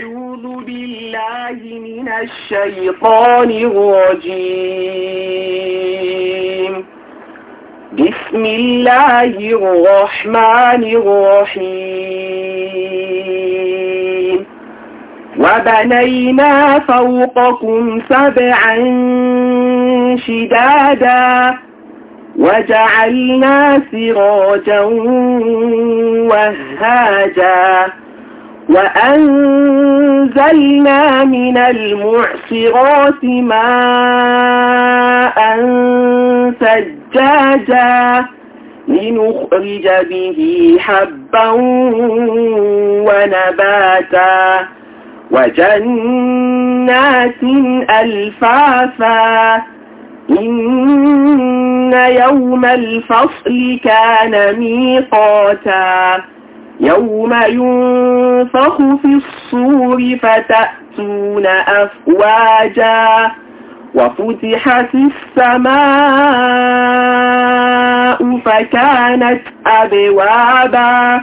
أعوذ بالله من الشيطان الرجيم بسم الله الرحمن الرحيم وبنينا فوقكم سبعا شدادا وجعلنا سراجا وهاجا وأنزلنا من المعصرات ماء سجاجا لنخرج به حبا ونباتا وجنات ألفافا إن يوم الفصل كان ميقاتا يوم ينفخ في الصور فتأتون أفواجا وفتحت السماء فكانت أبوابا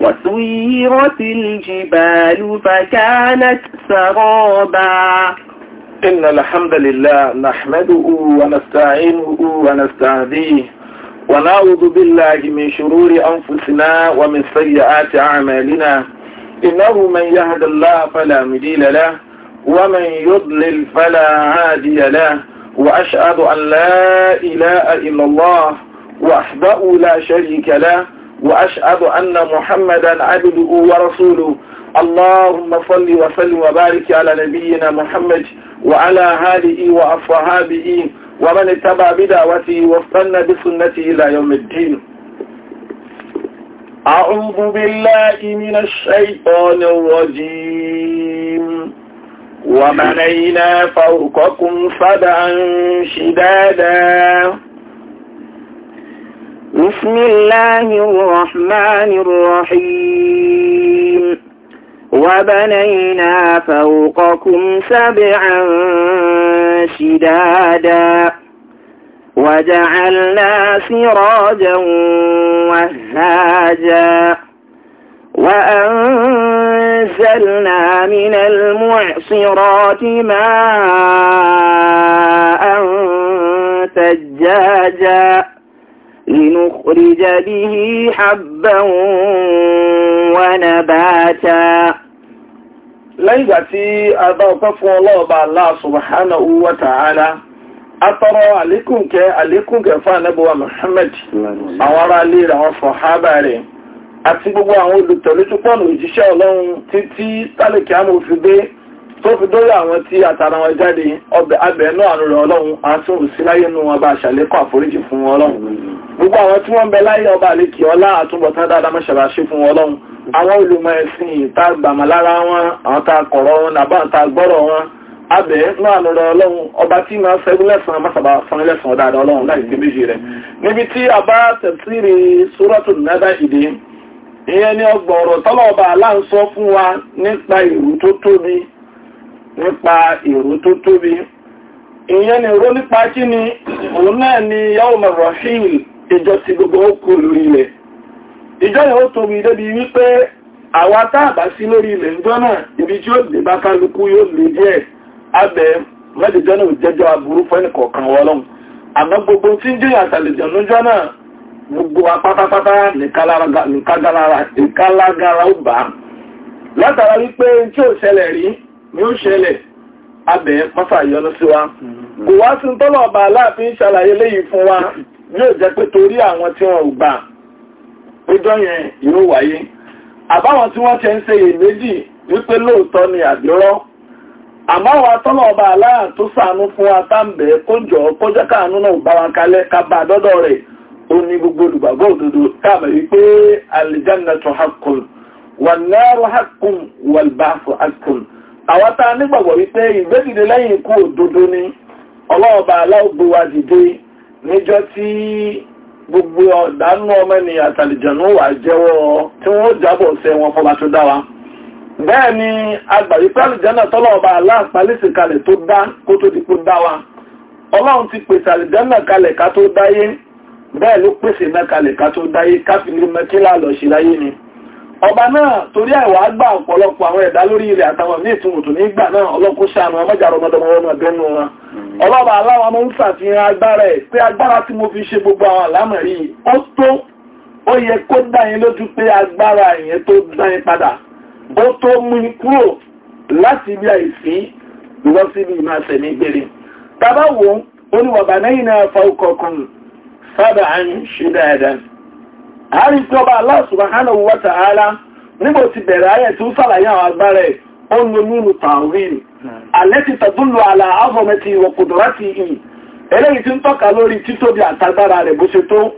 وسيرت الجبال فكانت سرابا إن الحمد لله نحمده ونستعينه ونستهديه ونعوذ بالله من شرور أنفسنا ومن سيئات أعمالنا إنه من يهد الله فلا مديل له ومن يضلل فلا عادي له وأشهد أن لا إله إلا الله وأحبأ لا شريك له وأشهد أن محمدا عبده ورسوله اللهم صل وسلم وبارك على نبينا محمد وعلى آله وأصحابه ومن اتبع بدعوته وافتن بسنته إلى يوم الدين أعوذ بالله من الشيطان الرجيم ومنينا فوقكم صدعا شدادا بسم الله الرحمن الرحيم وبنينا فوقكم سبعا شدادا وجعلنا سراجا وهاجا وأنزلنا من المعصرات ماء ثجاجا لنخرج به حبا ونباتا لن تأتي أبا الله بالله سبحانه وتعالى atọrọ àlékún kẹ àlékún kẹ fún anẹ́bọ̀wà Muhammad àwọn ará alé rẹ̀ àwọn sọ̀hábà rẹ̀ àti gbogbo àwọn olùtẹ̀lójú pọ̀nù ìjíṣẹ́ ọlọ́run títí tálẹ̀kì àmọ́ fi dé tó fi dórí àwọn tí àtàrà wọn jáde ọbẹ̀ abẹ̀ náà àrùn rẹ̀ ọlọ́run àti òsì láyé nu ọba àṣàlékọ̀ àforíjì fún wọn ọlọ́run gbogbo àwọn tí wọ́n ń bẹ láyé ọba àlékì ọlá àtúbọ̀tán dáadáa mọ́ṣáláṣí fún wọn ọlọ́run àwọn olùmọ̀ ẹ̀sìn tá gbàmọ̀ wọn àwọn ta kọrọ wọn àbá tá gbọ́rọ̀ wọn abẹ́ náà lọ́rọ̀ ọlọ́run ọba tí máa sẹ́gun lẹ́sàn mọ́sàbà fún ẹlẹ́sàn dáadáa ọlọ́run láì méjì rẹ̀ níbi tí a bá tẹ̀síri sóràtò nádà ìdí ìyẹn ni ọgbọ̀rọ̀ fún wa nípa ìrù tó tóbi nípa ìrù tó tóbi ìyẹn ni ró nípa kí ni òun ti gbogbo lórí ilẹ̀ ìjọ yẹn ó tóbi débi wípé àwa tá àbá sí lórí ilẹ̀ ibi tí ó bá kálukú yóò lè abẹ mẹ́jẹ̀jọ́ náà jẹ́jọ́ aburú fẹ́ni kọ̀ọ̀kan wọlọ́n àmọ́ gbogbo tí ń jẹ́yà àtàlẹ̀jọ́ lójọ́ náà gbogbo apátápátá nìkálágara ó bá látara wípé tí ò ṣẹlẹ̀ rí ni ó ṣẹlẹ̀ abẹ mọ́fà yọnu sí wa kò wá sí tọ́lọ̀ ọba aláàfin ṣàlàyé léyìí fún wa yóò jẹ́ pé torí àwọn tí wọn ò gbà péjọ yẹn yóò wáyé àbáwọn tí wọ́n ti ń ṣe iyèméjì wípé lóòótọ́ ni àbírọ́ àmáwà tọ́lọ̀ ọba aláà tó sànú fún atáǹbẹ̀ kójọ kójẹ́ káànú náà bá wa kalẹ̀ bá dọ́dọ̀ rẹ̀ ó ní gbogbo olùgbàgbọ́ òdodo táàmà wípé alìjánàtò hakùn wàlẹ́rù hakùn hakùn àwọn tá a nígbàgbọ́ wípé lẹ́yìn ikú ni ọlọ́ọ̀ba gbé wa dìde gbogbo ọ̀dánú ọmọ ènìyàn àtàlìjànú wà jẹ́wọ́ tí wọ́n jábọ̀ bẹ́ẹ̀ ni agbàrí pẹ́lú jẹ́nà tọ́lọ́ọ̀bá aláàpálẹ́sì kalẹ̀ tó dá kó tó di kó dá wa ọlọ́run ti pèsè àlìjẹ́nà kalẹ̀ ká tó dáyé bẹ́ẹ̀ ló pèsè náà kalẹ̀ ká tó dáyé káfílì mẹ́kílà lọ sí láyé ni ọba náà torí àìwá gbà ọ̀pọ̀lọpọ̀ àwọn ẹ̀dá lórí ilẹ̀ àtàwọn míì tún òtún nígbà náà ọlọ́kún ṣàánú ọmọjàrọ̀ ọmọdọmọ ọmọ ẹ̀bẹ́nu wọn ọlọ́ba aláwọ̀ ọmọ ń ṣàfihàn agbára ẹ̀ pé agbára tí mo fi ṣe gbogbo àwọn àlámọ̀ yìí ó tó ó yẹ kó dá yín lójú pé agbára yẹn tó dá yín padà ó tó mú kúrò láti ibi àìsí lọ síbi ìmọ̀ ní gbére tàbáwò oníwọ̀bà náà náà fa ọkọ̀ọ̀kan sábà ń ṣe dáadáa tí ọba nígbò ti bẹ̀rẹ̀ ayẹ̀ tí ó sàlàyé àwọn agbára alẹ́ ti àlà ì eléyìí tí ń tọ́ka lórí títóbi àtagbára rẹ̀ bó ṣe tó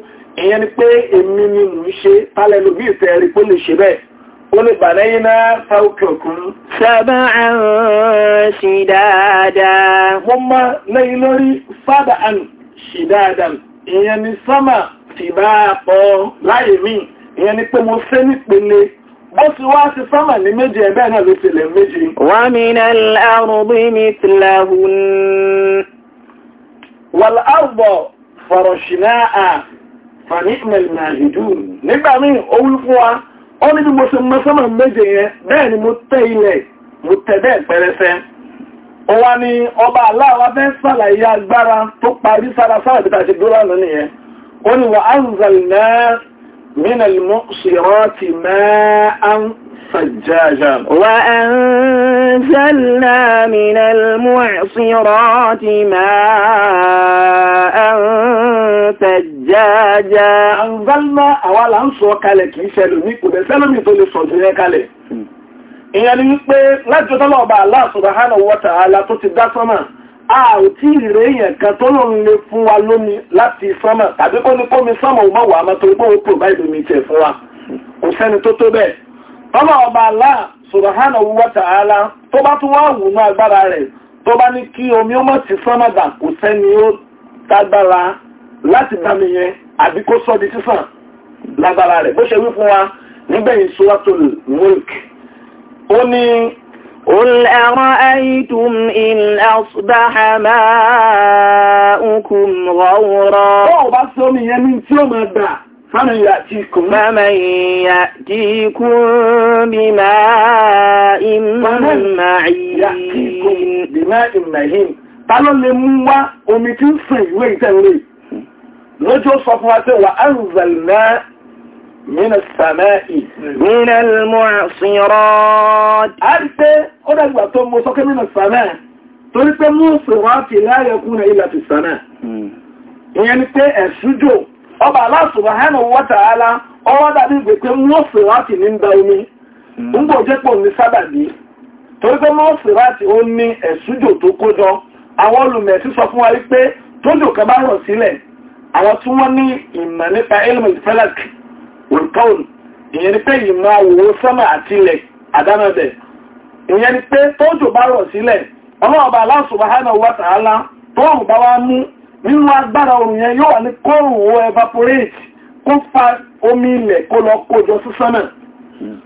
ìyẹn ni pé èmi ni mò ń ṣe rí pé lè قل بنينا فوقكم سبعا شدادا هم نيلوري سبعا شدادا يعني سما سباقا لا يمين يعني كم سنة بني Ó ti wá ti sánmà ní méjì ẹgbẹ́ náà ló ti lẹ̀ méjì. Wa minal ardi mithlahun. Wal arda farashnaha fa ni'mal Nígbà míì, ó wí fún wa, ó ní mo ṣe mọ́ sọ́mọ̀ méje yẹn bẹ́ẹ̀ ni mo tẹ́ ilẹ̀ mo tẹ́ bẹ́ẹ̀ pẹrẹsẹ wá ní ọba aláwa fẹ́ sàlàyé agbára tó parí sára sára bí tàṣe dúró lọ nìyẹn ó wà á ń فجاجا وأنزلنا من المعصرات ماء فجاجا أنزلنا أولا سوكالك يسألوني كده سألوني تولي سوكالك kalẹ̀ ìyẹn ni wípé láti ọ̀tọ́lọ̀ ọba Allah subhanahu wa ta'ala tó ti dá sọ́mà a ò tí ìrẹ́ èèyàn kan tó lò ń lè fún wa lómi láti sọ́mà tàbí kó ní kómi sọ́mà ò mọ́ wà á mọ́ torí pé ó provide omi tẹ̀ fún wa kò sẹ́ni tó tó bẹ́ẹ̀ ọlọ́run ọba Allah subhanahu wa ta'ala tó bá tún wá wù ní agbára rẹ̀ tó bá ní kí omi ó mọ̀ sí sánmàdà kò sẹ́ni ó tágbára láti dámi yẹn àbí kó sọ di sísàn lágbára rẹ̀ bó ṣe wí fún wa nígbẹ̀yìn suratul mulk ó ní قل أرأيتم إن أصبح ماؤكم غورا. فمن يأتيكم فمن يأتيكم بماء معين يأتيكم بماء معين ta ló lè mú wá omi tí ń sọ fún wa tí wà anzalna من السماء من المعصرات àrípẹ́ ó dàgbà tó mú sọ́kẹ́ من السماء torí pé mú sí wá fi لا يكون إلا في السماء ìyẹn ni pé ẹ̀ṣújò ọba aláṣùwà hẹ́nà wọ́ta alá ọwọ́ dàbí gbèpé mọ́sí ní omi hmm. ń bò jẹ́pọ̀ ní torí pé ó ní ẹ̀sùjò àwọn olùmẹ̀sí sọ fún wa wípé tójò kan bá rọ̀ sílẹ̀ àwọn tí ní ìmọ̀ nípa felak wilton ìyẹn ni pé ìmọ̀ àwòrán sọ́mà àti pé tójò bá rọ̀ sílẹ̀ bá nínú agbára oòrùn yẹn yóò wà ní kóòrùn ó evaporate kó fa omi ilẹ̀ kó lọ kójọ sí sánà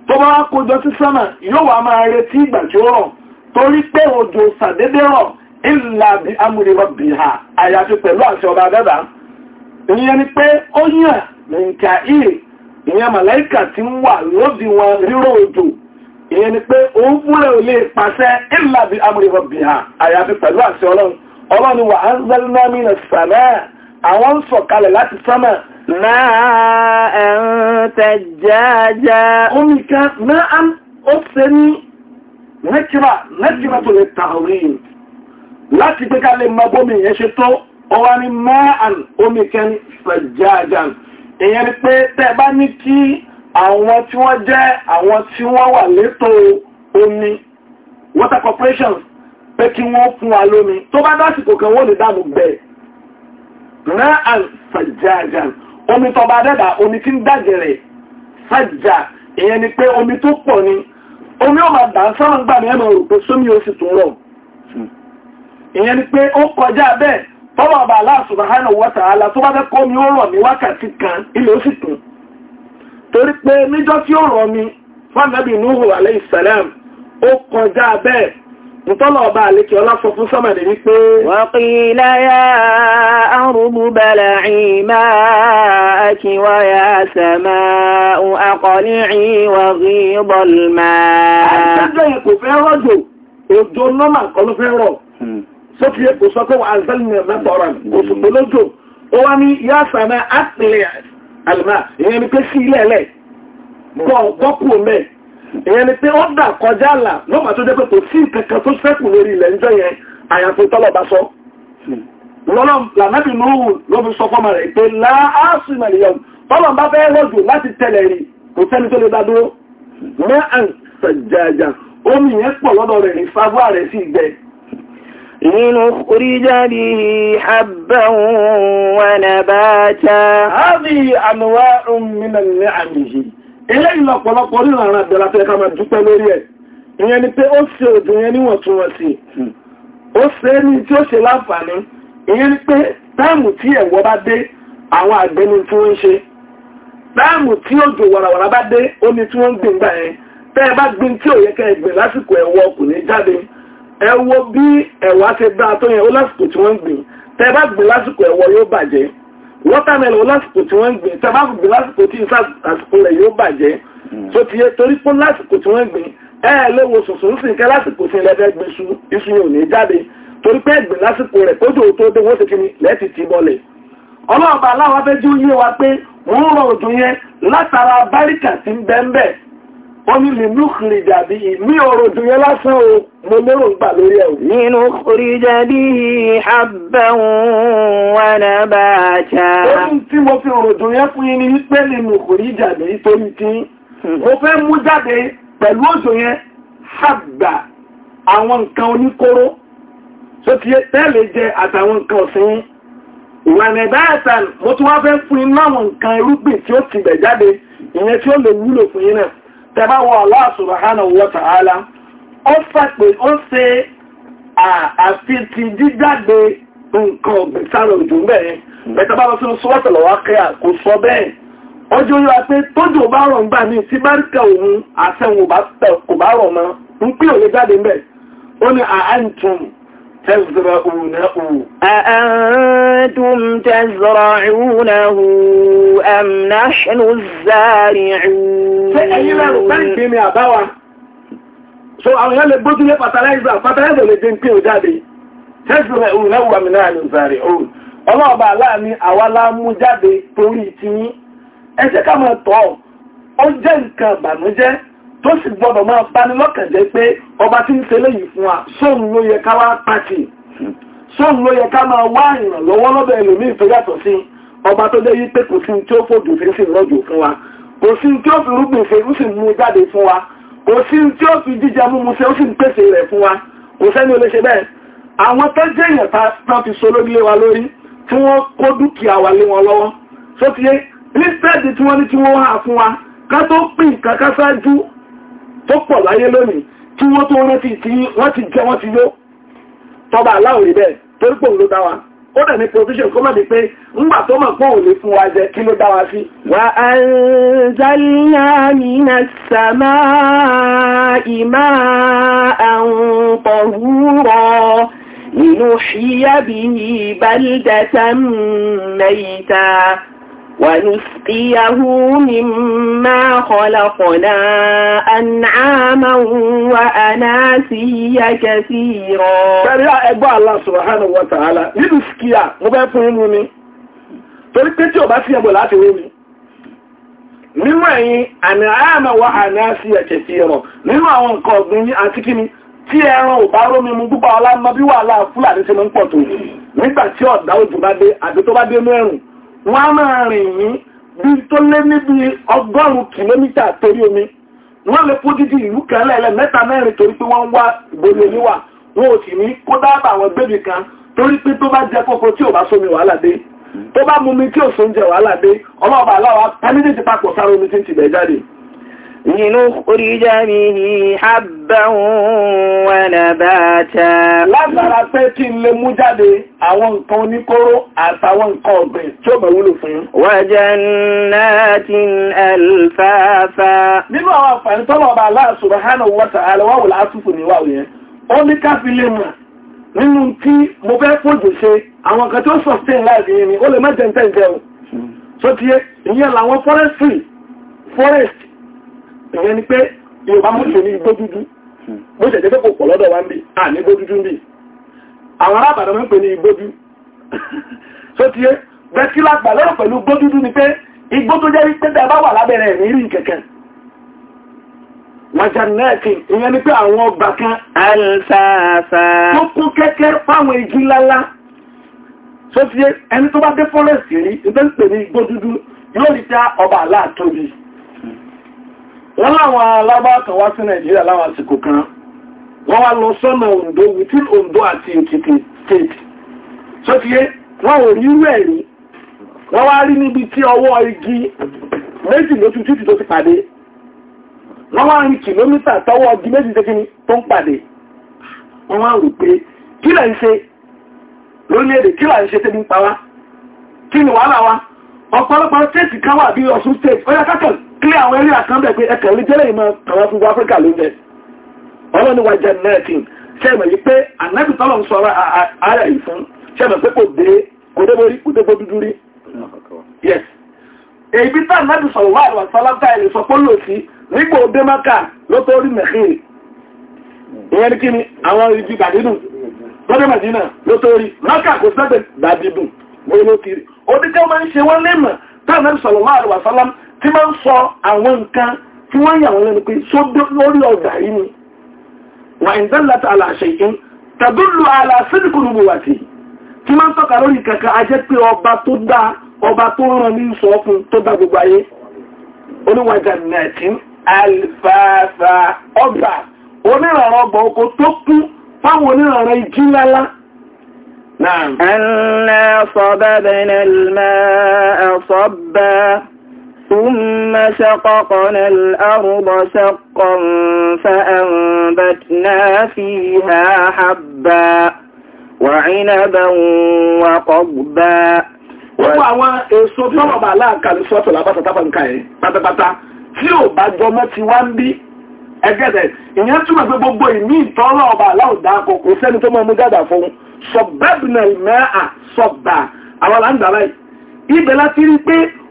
tó bá wá kójọ sí sánà yóò wà máa retí ìgbà tí ó rọ̀ torí pé òjò sàdédé rọ̀ ìlà bí amúrewà àyàfi pẹ̀lú àṣẹ ọba ni pé ó yàn ìyè ìyẹn màláìkà ti ń wà lóbi wọn òjò ni pé òun fúnra ò lè pàṣẹ ìlà bí àyàfi ọlọ́ni wà á ń zẹ́lẹ́ náà mí nà sàmẹ́ àwọn ń sọ̀kalẹ̀ láti sánmà máa ń tẹ̀jájá omi kan máa ń ó ṣe ní nẹ́kìrà nẹ́kìrà tó lè tààrí láti pé ká lè mọ bómi yẹn ṣe tó ọwá ní máa ń omi kan tẹ̀jájá èyàn ni pé tẹ́ bá ní kí àwọn tí wọ́n jẹ́ àwọn tí wọ́n wà létò omi water corporations pé kí wọ́n fún wa lómi tó bá dásìkò kan wọ́n lè dáàmú bẹ́ẹ̀ náà àṣàjáàjà omi tó bá dẹ́dà omi tí ń dàgẹ̀rẹ̀ ṣàjà ìyẹn ni pé omi tó pọ̀ ni omi ó ma dà ń sọ́rọ̀ gbà ní ẹ̀mọ̀ rò pé sómi ó sì tún rọ̀ ni pé ó kọjá bẹ́ẹ̀ tọ́wọ́ ọba Allah subhanahu wa ta'ala tó bá fẹ́ kọ́ mi ó rọ̀ ní wákàtí kan ilé ó sì tún torí pé mi fún Nuhu alayhi salam ó kọjá Mùtọ́lọ̀ ọba àlékẹ́ ọlá sọ fún sọ́mọ̀dé wípé. Wàkílá ya arúgbù bẹ̀lá ìmá kí wá ya sẹ̀má àkọlí ìwà rí bọ̀lmá. Àìsẹ́jọ́ ìkò fẹ́ rọ́jò, òjò nọ́mà kọ́ ló fẹ́ rọ̀. Hmm ìyẹn ni pé ó dà kọjá àlà lọ́mà tó jẹ́ pé kò sí kankan tó sẹ́kù lórí ilẹ̀ ńjọ́ yẹn àyàfi tọ́lọ̀ sọ lọ́nà lànàbì nùhù sọ fọ́mà rẹ̀ pé láàásù màlìyàn tọ́lọ̀ fẹ́ rọ̀jù láti tẹ̀lẹ̀ rí kò sẹ́ni tó lè dá dúró mẹ́ à ń sàjàjà omi yẹn pọ̀ lọ́dọ̀ rẹ̀ ní sábà rẹ̀ هذه أنواع من النعم eléyìí lọ̀pọ̀lọpọ̀ nínú àwọn àgbẹ̀lá tẹ́ ká máa dúpẹ́ lórí ẹ̀ ìyẹn ni pé ó ṣe òdùn yẹn níwọ̀ntúnwọ̀nsì ó ṣe ní tí ó ṣe láǹfààní ìyẹn ni pé táàmù tí ẹ̀wọ́ bá dé àwọn àgbẹ̀ ni tí wọ́n ń ṣe táàmù tí òjò wàràwàrà bá dé ó ní tí wọ́n ń gbìn gbà yẹn tẹ́ ẹ bá gbìn tí ò yẹ kẹ́ ẹ gbìn lásìkò ẹ̀wọ́ kò ní jáde ẹ wo bí ẹ̀wà ṣe dáa tó yẹn ó lásìkò tí wọ́n gbìn tẹ́ ẹ bá gbìn lásìkò ẹ̀wọ́ yóò bàjẹ́ watermelon lásìkò tí wọ́n ń gbìn tẹ́bá gbìn lásìkò tí àsìkò rẹ̀ yóò bàjẹ́ tó hmm. ti yé torí pé lásìkò tí wọ́n ń gbìn ẹ ẹ léwo sùsùn sì ń kẹ́ lásìkò tí ilẹ̀ fẹ́ gbé iṣu iṣu yóò ní jáde torí pé ẹgbìn lásìkò rẹ̀ kójú tó dé wọ́n ti kí wọ́n ní lè núkìrì dàbí mí ọ̀rọ̀ dùnyẹ lásán o mo lérò ń gbà lórí ẹ̀ nínú kìrì dàbí àbẹ̀wọ̀n wọn bàtà ohun tí mo fi ọ̀rọ̀ dùnyẹ fún yín ni wípé nínú kìrì dàbí torí tí mo fẹ́ mú jáde pẹ̀lú òjò yẹn àgbà àwọn nǹkan oníkóró tó ti tẹ́lẹ̀ jẹ àtàwọn nǹkan ọ̀sìn ìwànà ìbáyàtàn mo tún wá fẹ́ fún iná àwọn nǹkan ti bẹ̀ jáde ìyẹn tí ó lè wúlò fún yín náà tẹ́bá wọ Allah subhanahu wa ta'ala ó fàpẹ́ ó ṣe àti ti dídàgbé nǹkan ọ̀gbìn sára òjò bẹ́ẹ̀ bẹ́ẹ̀ bá wọ́n sọ́wọ́tọ̀ lọ́wọ́ kẹ́yà kò sọ bẹ́ẹ̀ ọjọ́ yóò wá pé tójò bá rọ̀ ńgbà ní tí báríkà òun àtẹ̀wò kò bá rọ̀ mọ́ ń pè òye jáde ń تزرعونه أأنتم تزرعونه أم نحن الزارعون So àwọn yẹn lè gbójú lé fertilizer, fertilizer lè dín pín òjáde, tẹ́sìrẹ̀ òun lẹ́wọ̀ àmìnà àlùzàrẹ̀ òun. Ọlọ́ọ̀bà aláàrin àwa lámú jáde torí ti yín, ká máa tọ́ ọ jẹ́ nǹkan bànújẹ́ tó sì gbọdọ̀ máa bani lọ́kàn jẹ́ pé ọba tí ń tẹ́lẹ̀ yìí fún wa sóòrùn ló yẹ ká wá pàtì sóòrùn ló yẹ ká máa wá ìrànlọ́wọ́ lọ́dọ̀ ẹlòmíì tó yàtọ̀ sí ọba tó dé yí pé kò sí tí ó fòdù sí sí ìrọ́jò fún wa kò sí tí ó fi rúgbìn ṣe ó sì mú jáde fún wa kò sí tí ó fi jíjẹ múmu ṣe ó sì ń pèsè rẹ̀ fún wa kò sẹ́ni ó ṣe bẹ́ẹ̀ àwọn tó jẹ́ èèyàn tá fi so wa lórí tí wọ́n kó dúkìá wa lé wọn lọ́wọ́ tó ní sẹ́ẹ̀dì tí wọ́n ní tí wọ́n wá fún wa ká tó pín nǹkan ká ṣáájú tó pọ̀ láyé lónìí kí wọ́n tó rántí tí wọ́n ti jẹ́ wọ́n ti yó tọba aláwò rí bẹ́ẹ̀ torí pò ló dá ó dẹ̀ ní provision kó mọ̀ ní pé ńgbà tó mọ̀ pé lè fún wa jẹ kí ló dá sí. wà á ń zálíyà nínà sàmá ìmá mẹ́ta. ونسقيه مما خلقنا أنعاما وأناسيا كثيرا ya ẹgbọ́ Allah subhanahu a ta'ala nínú síkíyà mo bẹ́ fún inú ni, torí pé tí ò bá sí ẹgbọ̀ láti wé mi. Nínú ẹ̀yìn, ànàáàmà wa tí ò bá ọlá mọ́ ń pọ̀ tó nígbà tí ọ̀dá òjò bá dé tó bá dé wọ́n á máa rìn yín bí tó lé níbi ọgọ́rùn-ún kìlómítà torí omi wọ́n lè kó dídí ìlú kan lẹ́lẹ́ mẹ́ta mẹ́rin torí pé wọ́n ń wá ìgboro omi wà wọn ò sì ní kó dáàbà àwọn bébì kan torí pé tó bá jẹ kókó tí ò bá sómi wàhálà dé tó bá mumi tí ò sóúnjẹ wàhálà dé ọlọ́ọ̀bà aláwa pẹ́mídéjì papọ̀ sára omi tí ń tibẹ̀ jáde لنخرج به حبا ونباتا látara pé kí n lè mú jáde àwọn nǹkan oníkóró àtàwọn nǹkan ọ̀gbìn tí ó máa wúlò fún. wajannatin alfafa. nínú àwọn àǹfààní tọ́lọ̀ ọba Allah subhanahu wa ta'ala wà wòlá àtúfò níwà yẹn ó ní ká fi lè mọ̀ nínú tí mo fẹ́ fòjò sustain ni ìyẹn ni pé Yorùbá mú ṣe ní igbó dúdú bó ṣe jẹ́ kò pọ̀ lọ́dọ̀ wa ń bì à ní igbó dúdú ń bì àwọn arábàdàn mọ́ ní igbó dúdú tó ti yé bẹ́ẹ̀ kí lọ́rọ̀ pẹ̀lú igbó dúdú ni pé igbó tó jẹ́ pé tẹ́ bá wà lábẹ́rẹ́ ní rí kẹ̀kẹ́ wàjànẹ́ẹ̀kì ìyẹn ni pé àwọn ọgbà kan tó kún kẹ́kẹ́ fáwọn igi lálá tó ti yé ẹni tó bá dé fọ́rẹ́sì rí ìgbẹ́ wọ́n láwọn alábá kan wá sí nàìjíríà láwọn àsìkò kan wọ́n wá lọ sọ́nà Ondo within Ondo àti Èkìtì state tó ti yé wọ́n ò rí rẹ̀ rí wọ́n wá rí níbi tí ọwọ́ igi méjì ló tún títì tó ti pàdé wọ́n wá rí kìlómítà tọwọ́ igi méjì tó kíní tó ń pàdé wọ́n wá rò pé kí là ń ṣe lórílẹ̀-èdè kí là ń ṣe tẹ́bí ń pa wá kí ni wàhálà wa ọ̀pọ̀lọpọ̀ state kan wà bí Ọ̀ṣun state ó yá kákọ̀ọ́ kí àwọn eré àkànbẹ̀ pé ẹkẹ̀lẹ́ jẹ́lẹ̀ ìmọ̀ àwọn fún Áfíríkà ló jẹ́ ọlọ́ni wa jẹ́ nẹ́ẹ̀tìn ṣẹ́mọ̀ yí pé ànábì tọ́lọ̀ ń sọ̀rọ̀ ara yìí fún ṣẹ́mọ̀ pé kò dé kò dé borí kò dé bó dúdú rí yes èyí tá ànábì sọ̀rọ̀ wà lọ́wọ́ sọ́lọ́tà ẹ̀ lè sọ pé lò sí nígbà òde mọ́kà ló tó rí mẹ̀kìrì ìyẹn ní kíni àwọn ibi gbàdínù lọ́dẹ̀ màdínà ló tó rí mọ́kà kò sẹ́gbẹ̀ gbàdínù mo ló ti rí òdíkẹ́ máa ń ṣe wọ́n lẹ́mọ̀ tá ànábì sọ̀rọ̀ wà lọ́wọ́ sọ́lọ́tà tí máa ń sọ àwọn nǹkan tí wọ́n yà wọ́n lẹ́nu pé sódó lórí ọgbà yìí ni wà ń dánláta aláṣẹ ìkín tàbílù aláṣẹ́dìkùnrin wà sí tí máa ń tọ́ka lórí kankan a jẹ́ pé ọba tó dá ọba tó rán ní sọ fún tó dá gbogbo ayé oníwàjà nàìjíríà alfàfà ọgbà onírànràn ọgbà نعم أنا صببنا الماء صبا ثم سققنا الأرض شقا فأنبتنا فيها حبا وعنبا وقضبا Gbogbo àwọn èso tọ́rọ̀ bá láàkàlù sọ́tọ̀ làbátà tápà nǹkan ẹ̀ pátápátá tí ò bá jọmọ́ ti wá ń bí ẹgẹ́dẹ̀. Ìyẹn túnmọ̀ pé gbogbo ìmí ìtọ́rọ̀ ọba aláòdá kò kò sẹ́ni tó mọ́ mú dáadáa fún un. Sọ̀bẹ́bìnà ìmẹ́ àsọ̀bà àwọn làǹdà láì. Ibẹ̀ láti rí pé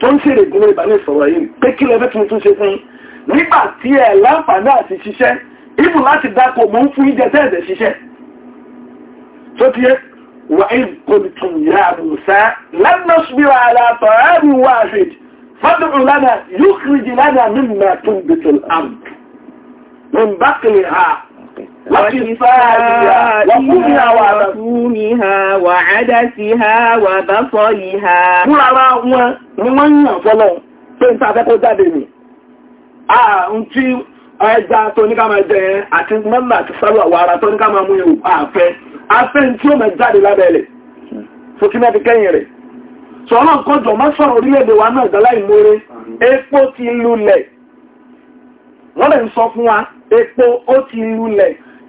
tó ń ṣèrè ìdúró ìbálẹ̀ sọ̀rọ̀ yìí pé kí lẹ́fẹ́ tuntun ṣe fún nígbà tí ẹ̀ láǹfààní àti ṣiṣẹ́ ibùn láti dákò mọ́ fún ìjẹ tẹ́ẹ̀dẹ̀ ṣiṣẹ́ tó ti yẹ wà ìkòlùtùn ya Musa lánàṣbíra وكفائها وكومها وعدسها وبصلها Múrara wọn ni wọ́n yàn fọ́lọ́ pé ń tàbẹ́ kó jáde mi. A ń tí ẹja tó ní ká máa jẹ ẹ àti àti tó ní ká máa mú àfẹ́. A tí ó máa jáde lábẹ́lẹ̀. náà kẹ́yìn rẹ̀. Sọ̀rọ̀ kọjọ sọ̀rọ̀ orílẹ̀-èdè wa náà Epo ti lulẹ̀. Wọ́n lè sọ fún wa, epo ó ti lulẹ̀.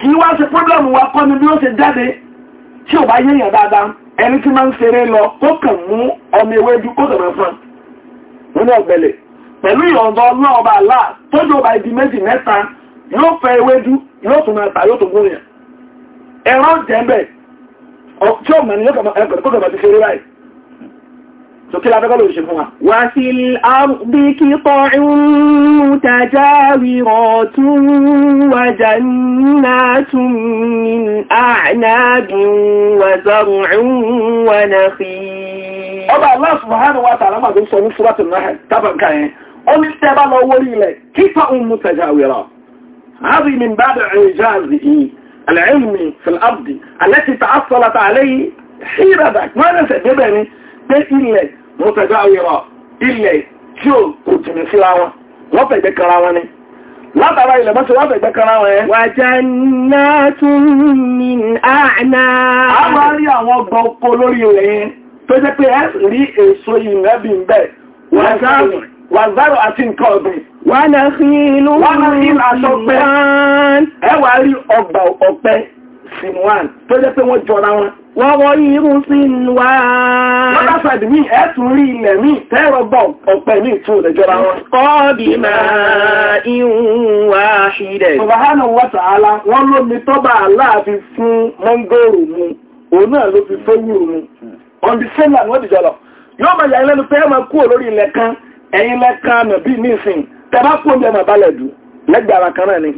kí wá sí pọ́blẹ̀mù wa kọ́ ni bí ó ṣe jáde tí ò bá yéèyàn dáadáa ẹni tí máa ń ṣeré lọ tó kàn mú ọmọ ewédú kó tọ̀nà fún nínú ọ̀gbẹ̀lẹ̀ pẹ̀lú ìyọ̀ǹda ọlọ́ọ̀bà àlá tójú ọba ibi méjì mẹ́ta yóò fẹ́ ewédú yóò tún máa tà yóò tún gúnyàn ẹ̀rọ jẹ́ńbẹ̀ tí ọmọ ènìyàn kọ̀ọ̀kan ti ṣeré báyìí وفي الأرض قطع متجاورات وجنات من أعناب وزرع ونخيل الله سبحانه وتعالى ما دون صنو سورة النحل تبع كأن أمي استبع الله وليلي كفع متجاورات هذه من باب عجازه العلمي في الأرض التي تعصلت عليه حيرة ذاك ماذا نسأل pé ilẹ̀ mọ́tẹ̀dá àwẹ̀rọ̀ ilẹ̀ tí ó kò jìnà síra wọn wọ́n fẹ̀gbẹ́ kanra wọn ni látara ilẹ̀ mọ́tí wọ́n fẹ̀gbẹ́ wọn ẹ́ wàjá náà tún ní àná a máa rí àwọn ọgbọ̀n lórí ilẹ̀ yẹn tó jẹ́ pé rí èso ìrẹ́bì ń wàzárò àti nǹkan ọ̀gbìn wọ́n wọ́wọ́ irú sí wá. Lọ́dásàdì mí ẹ̀tùn rí ilẹ̀ mí tẹ́rọ bọ̀ ọ̀pẹ̀ ní ìtún ìjọra wọn. Kọ́ọ̀dì máa ìhun wá ṣílẹ̀. Ọbàhánà wọ́ta alá, wọ́n ló mi tọ́bà aláàfi fún mọ́ngòrò mu, òun náà ló fi fóyúrù mu. On the same land wọ́n di lọ. Yọ́ yà ilẹ́nu pé lẹ́kan bí nísìn, kú oúnjẹ balẹ̀ dù, kan náà ni.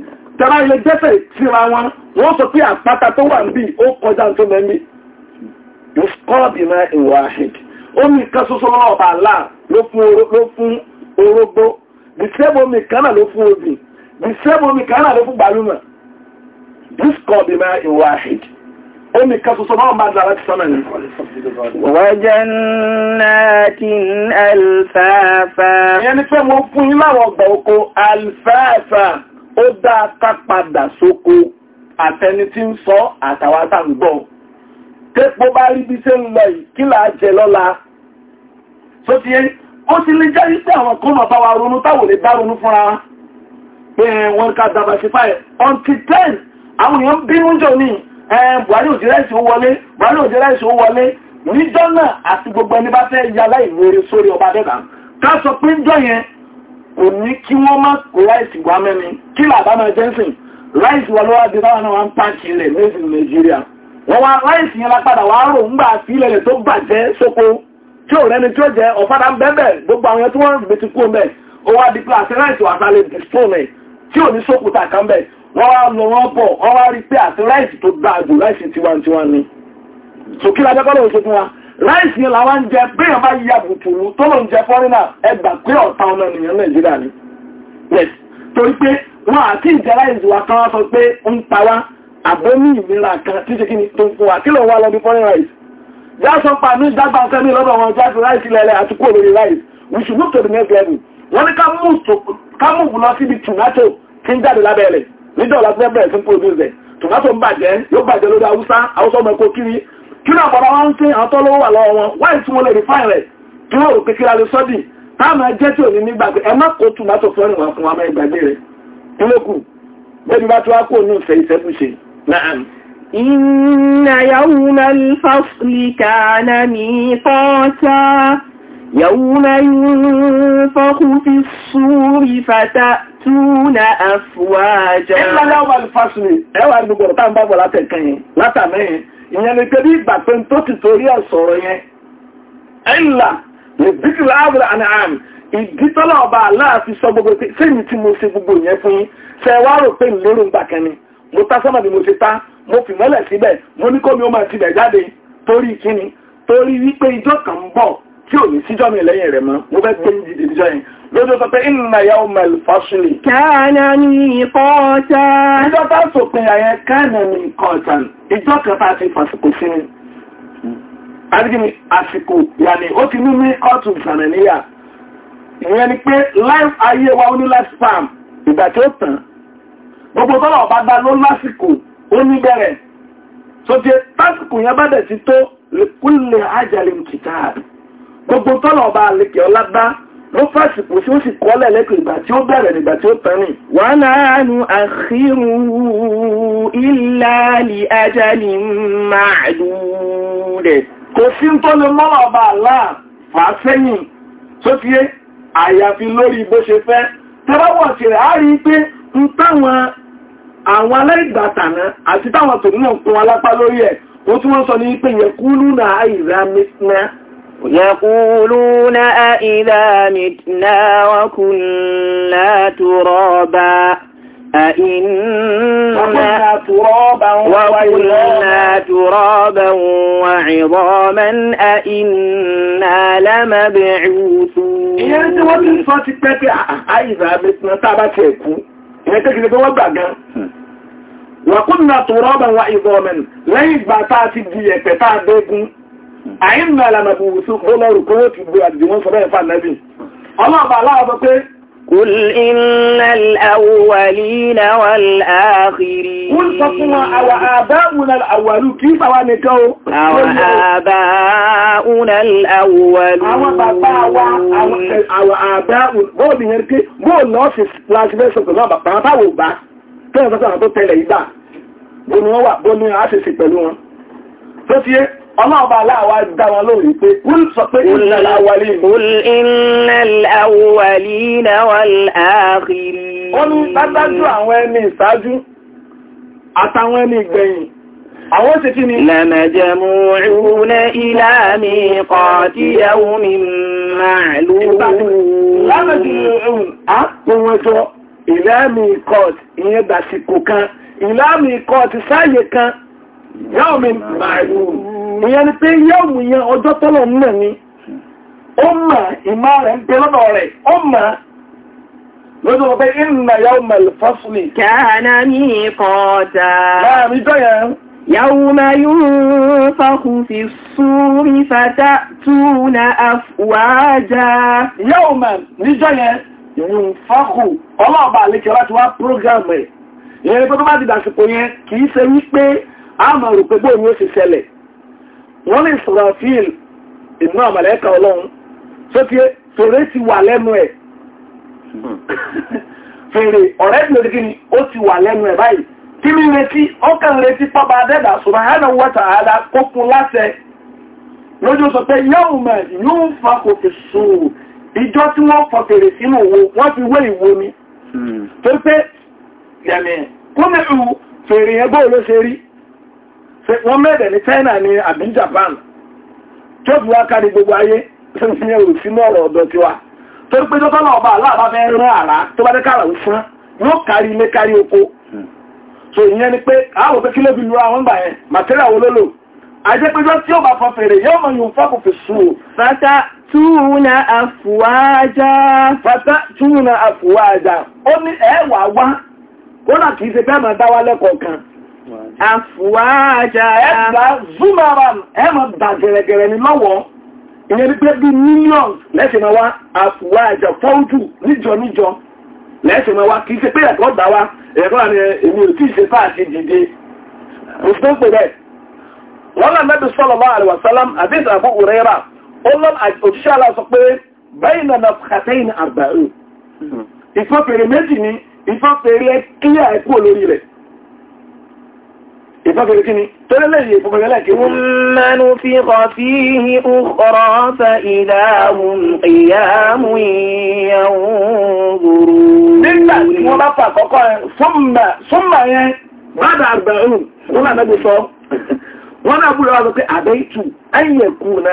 síra wọn, wọ́n sọ yusqa bima'in wahid omi kan ṣoṣo lọ́wọ́ ọba àlá ló fún orógbó bìsẹ́bù omi kan náà ló fún obì bìsẹ́bù omi ló fún gbàlúmọ̀ yusqa bima'in wahid omi kan ṣoṣo lọ́wọ́ ọba àlá sọ́nà ni. wa jannatin alfafa. ìyẹn ni pé mo fún yín láwọn ọgbà oko alfafa ó tépo bá rí bí ṣe ń lọ yìí kí là á jẹ lọ́la tó ti yẹ ó ti lè jẹ́ wípé àwọn kan máa wa ronú táwọn lè dá ronú fúnra pé wọ́n ká dàbà sí fáyẹ̀ until ten àwọn èèyàn bínú jọ ní buhari òjìrẹ́sì ó wọlé buhari òjìrẹ́sì ó wọlé níjọ́ náà àti gbogbo ẹni bá fẹ́ ya láìmọ̀ọ́rẹ́ sórí ọba dẹ́gbà ká sọ pé ń jọ yẹn kò ní kí wọ́n má kó ráìsì wá mẹ́ni kí làbámẹ́ jẹ́sìn ráìsì wọlé wá wọ́n wá ráìsì yẹn lápadà wá rò ń gbà sí ilẹ̀ tó bàjẹ́ sóko tí ò rẹni tí ó jẹ ọ̀fadà ń bẹ́bẹ̀ gbogbo àwọn yẹn tí wọ́n gbé ti kú ọmọ ẹ̀ ó wá di pílàsì ráìsì wà sálẹ̀ dìstone ẹ̀ tí ò ní sókùtà kan bẹ̀ wọ́n wá lọ wọ́n bọ̀ wọ́n wá rí pé àti ráìsì tó dáa jù ráìsì ni so kí lájọ́ kọ́lọ̀ oṣù fún wa ráìsì àti ìjẹ ráìsì wa kan wá sọ pé ń pa wá àbó ní ìlera kan tí ṣe kí ni tó ń fún wa kí lọ wá lọ bí foreign rice jáson pa ní dágbà ọ̀sẹ̀ ní lọ́dọ̀ wọn jáde rice lẹ́lẹ́ àti kúrò lórí rice we should move to the next level wọ́n ní ká move lọ síbi tomato tí ń jáde lábẹ́rẹ̀ nídọ̀lá tó bẹ̀rẹ̀ fún produce ẹ̀ tomato ń bàjẹ́ yóò bàjẹ́ lórí haúsá haúsá ọmọ ẹ̀kọ́ kiri kí náà bọ̀dọ̀ wọn ń sin àwọn tó lówó wà lọ́wọ́ wọn wáyé tí wọ́n lè refine rẹ̀ tí wọ́n rò pé kíra lè sọ́dì táàmù ẹjẹ́ tí ò ní nígbàgbé ẹ má kó tomato fún ẹnìwọ̀n fún wa mẹ́ ìgbàgbé rẹ̀ kí ló kù bẹ́ẹ̀ bí bá tó wá kó ní ìfẹ́ ìfẹ́ bù ṣe نعم إن يوم الفصل كان ميقاتا يوم ينفخ في الصور فتأتون أفواجا إن يوم الفصل ẹwà gbogbo tá ń bá bọ̀ látẹ̀kàn yẹn látàmẹ́yìn ìyẹn ni pé bí ìgbà pé tó ti torí ẹ̀ sọ̀rọ̀ yẹn ẹ̀là lè bíkì láàbùrà àni àmì ìdítọ́lọ̀ ọba aláàfin sọ gbogbo pé sẹ́yìn tí mo ṣe gbogbo yẹn fún yín ṣe wá rò pé ìlérò ń gbà mo tá sọ́mà ni mo ṣe tá mo fi mọ́lẹ̀ síbẹ̀ mo ní kómi ó máa tibẹ̀ jáde torí kíni torí wípé ijọ́ kan ń bọ̀ tí ò ní síjọ́ mi lẹ́yìn rẹ̀ mọ́ mo fẹ́ gbé ìdí ìjọ yẹn lójú sọ pé inna yawmal fasli. kana miqatan. ìjọ tá sòpin àyẹn kana miqatan ìjọ kan tá ti fàṣìkò sí ni. adigini àsìkò yàní ó ti ní mí ọ̀tún ìsànà níyà ìyẹn ni pé life ayé wa ó ní life spam ìgbà tí tàn gbogbo tọ́lọ̀ ọba gbá ló lásìkò ó ní bẹ̀rẹ̀ tó jẹ tásìkò yẹn bá dẹ̀ ti tó lèkúlẹ̀ ajalin kitab gbogbo tọ́lọ̀ ọba àlekè ọlá bá ló fàṣìkò tí ó sì kọ́lẹ̀ lẹ́kùn ìgbà tí ó bẹ̀rẹ̀ nígbà tí ó tẹ́rìn. wọ́n náà nu àkírù illa li ajalin ma'dud rẹ̀. kò sí tó lè mọ́lọ̀ ọba àlá fà á sẹ́yìn tó ti yé àyàfi lórí bó ṣe fẹ́ tẹ́lá sí rẹ̀ á rí pé ń táwọn àwọn aláìgbàtànà àti táwọn tòun náà fún alápá lórí ẹ̀ ó tí wọ́n sọ ní pé yẹkúlú na àìrà mẹ́sìnà yẹkúlú na àìrà mẹ́sìnà wákùnlá tùrọ́bà أئنا ترابا وكنا ترابا وعظاما أئنا لمبعوثون ìyẹn tí wọ́n ti ìyẹn kékeré tó wọ́n gbà gan wọ́n kún náà tó wa ìzọ́mẹ́n lẹ́yìn ìgbà tá a ti di ẹ̀pẹ̀ anyị a dẹ́gun àyín náà lànà bùbù sí kó lọ́rù kó wọ́n ti gbé àdìdì wọn sọ bẹ́ẹ̀ fà ọlọ́ọ̀bà aláwọ̀ قل إن الأولين والآخرين قل فقنا أو آباؤنا الأولون كيف وانكو أو آباؤنا الأولون أو بابا أو آباؤنا بول يركي بول نوسيس لاش بيسو كنا بابا وبا كنا فتنا تتلي با بول نوا بول نوا أسيسي بلون فتيه ọlọ́ọ̀bá aláàwà dá wọn lórí pé wọ́n sọ pé ìlànà àwàlì ìlànà àwàlì ìlànàwàlì wọ́n látàjú àwọn ẹni ìsáájú àtàwọn ẹni ìgbẹ̀yìn àwọn sì kí ni lamajmu'una ila miqati yawmin ma'lum ìlànà ìkọ̀ọ̀tì ìyẹn dàsìkò kan ìlànà ìkọ̀ọ̀tì sáyè kan yáòmí màálùú ìyẹn ni pé yáòmù yẹn ọjọ́ tọ́lọ̀ náà ni ó mà ìmá rẹ̀ ń pè lọ́nà rẹ̀ ó mà lójú ọgbẹ́ ìrìnà yáòmù alfasli kàánà ní kọjá láàrin jọ́yẹn يوم ينفخ في الصور فتأتون أفواجا يوما نجاية ينفخ ọlọ́ọ̀bà lè kí ọlá ti wá àmà rò pé bóyí ó wọ́n ní Israfil ìmú àmàlẹ́kà ọlọ́run tó ti fèrè ti wà lẹ́nu ẹ̀ fèrè ọ̀rẹ́ ìgbèrègì ni ó ti wà lẹ́nu ẹ̀ báyìí kí ní retí ọkàn retí pápá adẹ́dà subhanahu wa ta'ala kókun láṣẹ lójú sọ pé yawma yunfakhu fis-sur ìjọ tí wọ́n fọ fèrè sínú òwò wọ́n fi wé ìwo ni hmm. tó pé yẹ̀mí kúmẹ̀rù fèrè yẹn bóòló ṣe rí wọ́n mẹ́rẹ̀ ní China ni àbí Japan tó fi wá kárí gbogbo ayé ní òsínú ọ̀rọ̀ ọ̀dọ̀ ti wa tó pé tó tọ́lọ̀ ọba aláàbá fẹ́ rán àrá tó bá kárí oko hmm. so ìyẹn ni pé àwọn pé kí ló fi lu àwọn gbà yẹn material wo ló lò àjẹpẹjọ tí ó bá fọ fèrè yóò mọ yóò fi o. fata àfùwájà. fata àfùwájà ó ní wá kì í ṣe fẹ́ máa dá kan àfúwájá ẹgbà zúmọ̀ràn ẹmọ̀ bà gẹ̀rẹ̀gẹ̀rẹ̀ ni lọ́wọ́ ìyẹn wípé bí millions lẹ́sìn ma wá àfúwájá fọ́ọ̀jù níjọ níjọ lẹ́sìn ma wá kì í ṣe pé ẹ̀kọ́ gbà wá ẹ̀kọ́ ni èmi ò tí ì ṣe fáàṣì dìde òṣìṣẹ́ pè bẹ́ẹ̀ wọ́n náà Nabi sallallahu alaihi wasallam àbíṣ Abu Huraira ó lọ́ òṣìṣẹ́ aláà sọ pé bẹ́ẹ̀ náà na kàtẹ́yìn àgbà ìfọ́fèrè méjì ni ìfọ́fèrè kílíà ẹ̀kú olórí rẹ̀ ìfẹ́fẹ́rẹ́ kí ni tẹ́lẹ̀lẹ́ yìí ìfẹ́fẹ́rẹ́ lẹ́kẹ́ wọ́n mẹ́nu fi kọ̀ sí ọ̀rọ̀ ọ̀fẹ́ ìdáhùn ìyàmù ìyàwó gúrú nígbà tí wọ́n bá fà kọ́kọ́ ẹ̀ sọ́mbà yẹn bádà àgbẹ̀rún wọ́n náà mẹ́gbẹ̀ sọ wọ́n náà búrọ̀ wọ́n pé àbẹ́ìtù ẹ̀yẹ̀kù na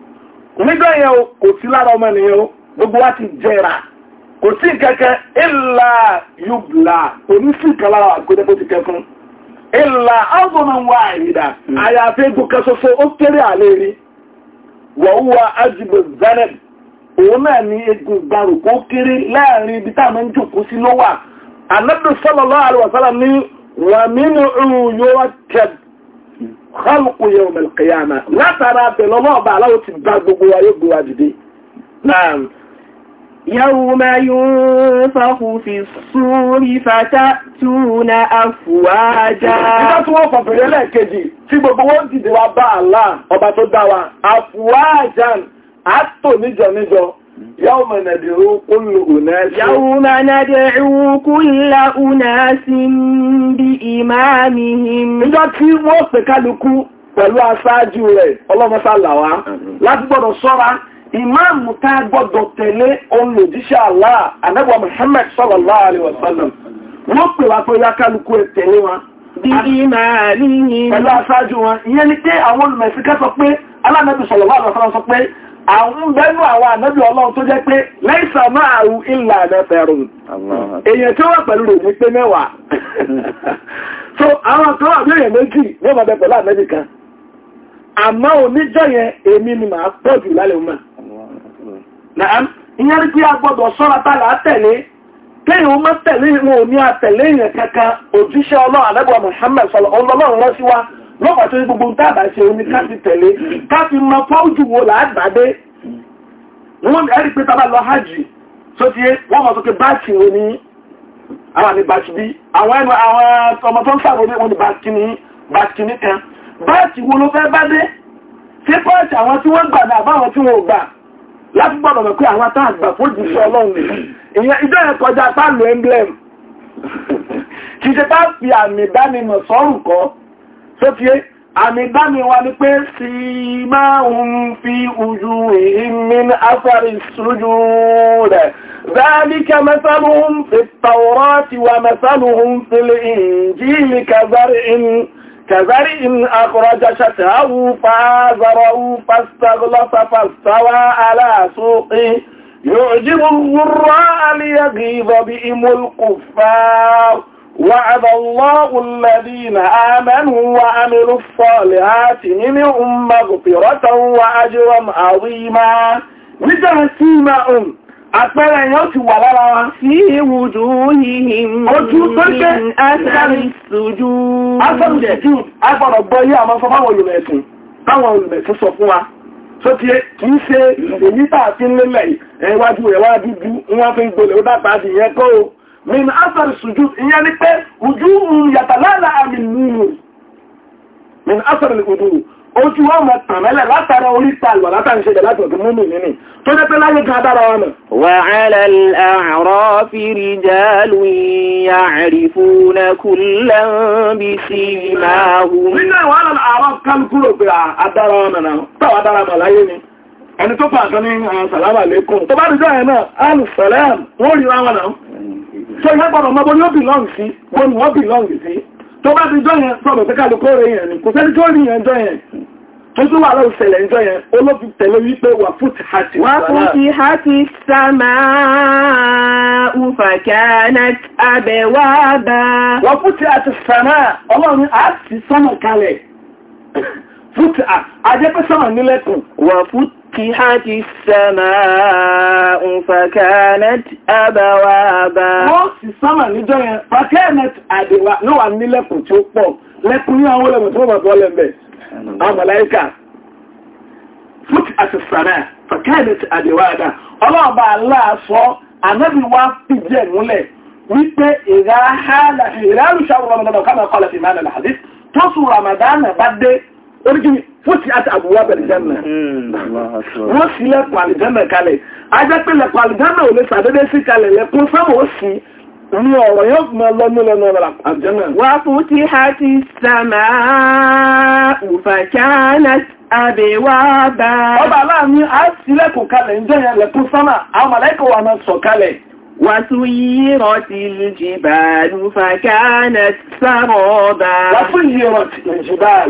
nígbà yẹn o kò sí lára ọmọ ènìyàn o gbogbo wa ti jẹra kò sí kẹ̀kẹ́ ìlà yubla onísìkà lára àgbẹ̀dẹ́gbẹ̀ ti kẹfún ìlà ọgbọ̀nàwà ìrìdà àyàfẹ́ gbókẹ́ soso ó kéré àlẹ́ rí wọ̀húwa ajibo zaneb òun náà ní egun gbarò kó kéré láàrin ibi tá a ń jòkó sí ló anábì sallallahu alaihi wasallam ní wàmínú ìrùn yóò kẹb khalqu yawm al-qiyama látara àtẹ̀lọ́ náà bá aláwọ̀ ti bá gbogbo wa yóò gbé wa dìde. يوم ينفخ في الصور فتأتون أفواجا Ìjọ́ tí wọ́n fọ̀bẹ̀rẹ̀ lẹ́ẹ̀kejì tí gbogbo wọ́n dìde wá bá Allah ọba tó dá àfúwájá, àtò níjọ níjọ, يوم ندعو كل أناس يوم ندعو كل أناس بإمامهم níjọ́ tí wọ́n pè pẹ̀lú aṣáájú rẹ̀ ọlọ́mọsálàwá láti gbọ́dọ̀ sọ́ra ìmáàmù tá gbọ́dọ̀ tẹ̀lé olùdíṣẹ́ Allah anẹ́gbà Muhammad sallallahu wọ́n pè wá pé yá kálukú ẹ̀ tẹ̀lé wọn sọ àwọn bẹ́nu àwọn ànábì ọlọ́run tó jẹ́ pé lẹ́ìsà máa àrù ìlà àdẹ́fẹ̀rù èyàn tí ó wà pẹ̀lú rẹ̀ pé mẹ́wàá so àwọn tó wà ní èyàn méjì ní ọmọdé pẹ̀lú ànábì kan àmọ́ oníjọ́ èmi ni pọ̀ jù lálẹ́ a lọ́pàá tó ní gbogbo ń tábà ṣe omi káti tẹ̀lé káti mọ fọ́ọ̀jù wo làágbàdé wọ́n ẹ̀rí pé tábà lọ hajj tó ti wọ́n mọ̀ sókè báàkì wo ní àwọn àmì báàkì bí àwọn ẹnu àwọn ọmọ tó ń sàbò ní wọn ni báàkì ní báàkì ní kan báàkì wo ló fẹ́ bá dé ṣé pọ́ọ̀tì àwọn tí wọ́n gbà ní àbáwọn tí wọ́n gbà láti gbọ́dọ̀ mọ̀ pé àwọn tá àgbà fójì sí ọlọ́run nìyẹn ìjọ yẹn kọjá pálọ̀ emblem kì í ṣe bá fi àmì ìdánimọ̀ sọ́rùn kọ́ tó fi àmì bámi wa ní pé sí máa ń ذلك مثلهم في التوراة ومثلهم في الإنجيل كزرع كزرع أخرج شتاه فآزره فاستغلط فاستوى على سوقه يعجب الغراء ليغيظ بهم القفار وعد الله الذين آمنوا وعملوا الصالحات منهم مغفرة وأجرا عظيما وجه سيماهم Àpẹẹrẹ yóò ti wà lára wa. Sí ìwùdó yìí ojú tó jẹ́ ẹ́sẹ̀rì ìsújú. Aṣọ́rùdẹ̀ jù agbọ́dọ̀ gbọ́ yí àwọn fọ́fáwọn olùmẹ̀sìn, táwọn olùmẹ̀sìn sọ fún wa. ṣe èyí tàà fi ń ẹ̀wájú ẹ̀wájú wọn fi ń gbolẹ̀ ó min asar sujud ìyẹn ni pé ojú yàtàlálà àmì nínú min asar ìlú ojú wọn mọ̀ tàmẹ́lẹ̀ látara oríta àlùwà látà ń ṣe jẹ láti ọ̀dún múmi nínú tó jẹ́ pé láyé gan adára wọn ẹni tó pàtó ní àwọn eh, sàlámà lẹ́kùn tó bá rí jẹ́ ẹ̀ náà wọ́n rí wọn náà tó yẹ gbọ́dọ̀ mọ́bọ́ ní ó bìlọ́ǹgì sí wọ́n ni wọ́n bìlọ́ǹgì sí tó bá ti kò sẹ́ni tó rí yẹn jọ yẹn tó tún wà lọ́rùn ṣẹlẹ̀ ń wà fúti hati wà fúti hati sàmà ufàkánà hati sama fúti à ajẹ́pẹ́ sọ́mà nílẹ̀kùn wà fúti ha ti sẹ́mà ǹfàkánẹ́t àbáwàbá wọ́n sì sọ́mà níjọ́ yẹn fàkánẹ́t àdìwà náà wà nílẹ̀kùn tí ó pọ̀ lẹ́kùn ní àwọn olèmọ̀ tí wọ́n bàbá ọlẹ́mẹ̀ àmàláìkà fúti àti sàrà fàkánẹ́t àdìwàdà ọlọ́ọ̀bà aláàfọ́ anábì wá fìdí ẹ̀ múlẹ̀ wípé ìrà hálà ìrà lùsàrù ramadan kama qala hadith tó ramadan bá dé oríkìní fóòtì àti àbúwá bẹ̀rẹ̀ jẹ́mẹ̀ hmm, wọ́n sí lẹ́kùn àlìjẹ́mẹ̀ kalẹ̀ ajẹ́pẹ́ lẹ́kùn àlìjẹ́mẹ̀ ò lè sàdédé sí kalẹ̀ lẹ́kùn sọ́mọ̀ ó sí ní ọ̀rọ̀ yóò mọ lọ́nà lọ́nà ọ̀rọ̀ àjẹ́mẹ̀. wà fúti àti sàmà òfàkánà àbẹ̀wà bá. ọba aláàmì á sí lẹ́kùn kalẹ̀ ń jẹ́yàn lẹ́kùn sọ́mà àwọn mọ̀lẹ́kùn wà máa sọ̀ kalẹ̀. وسيرت الجبال فكانت سرابا وسيرت الجبال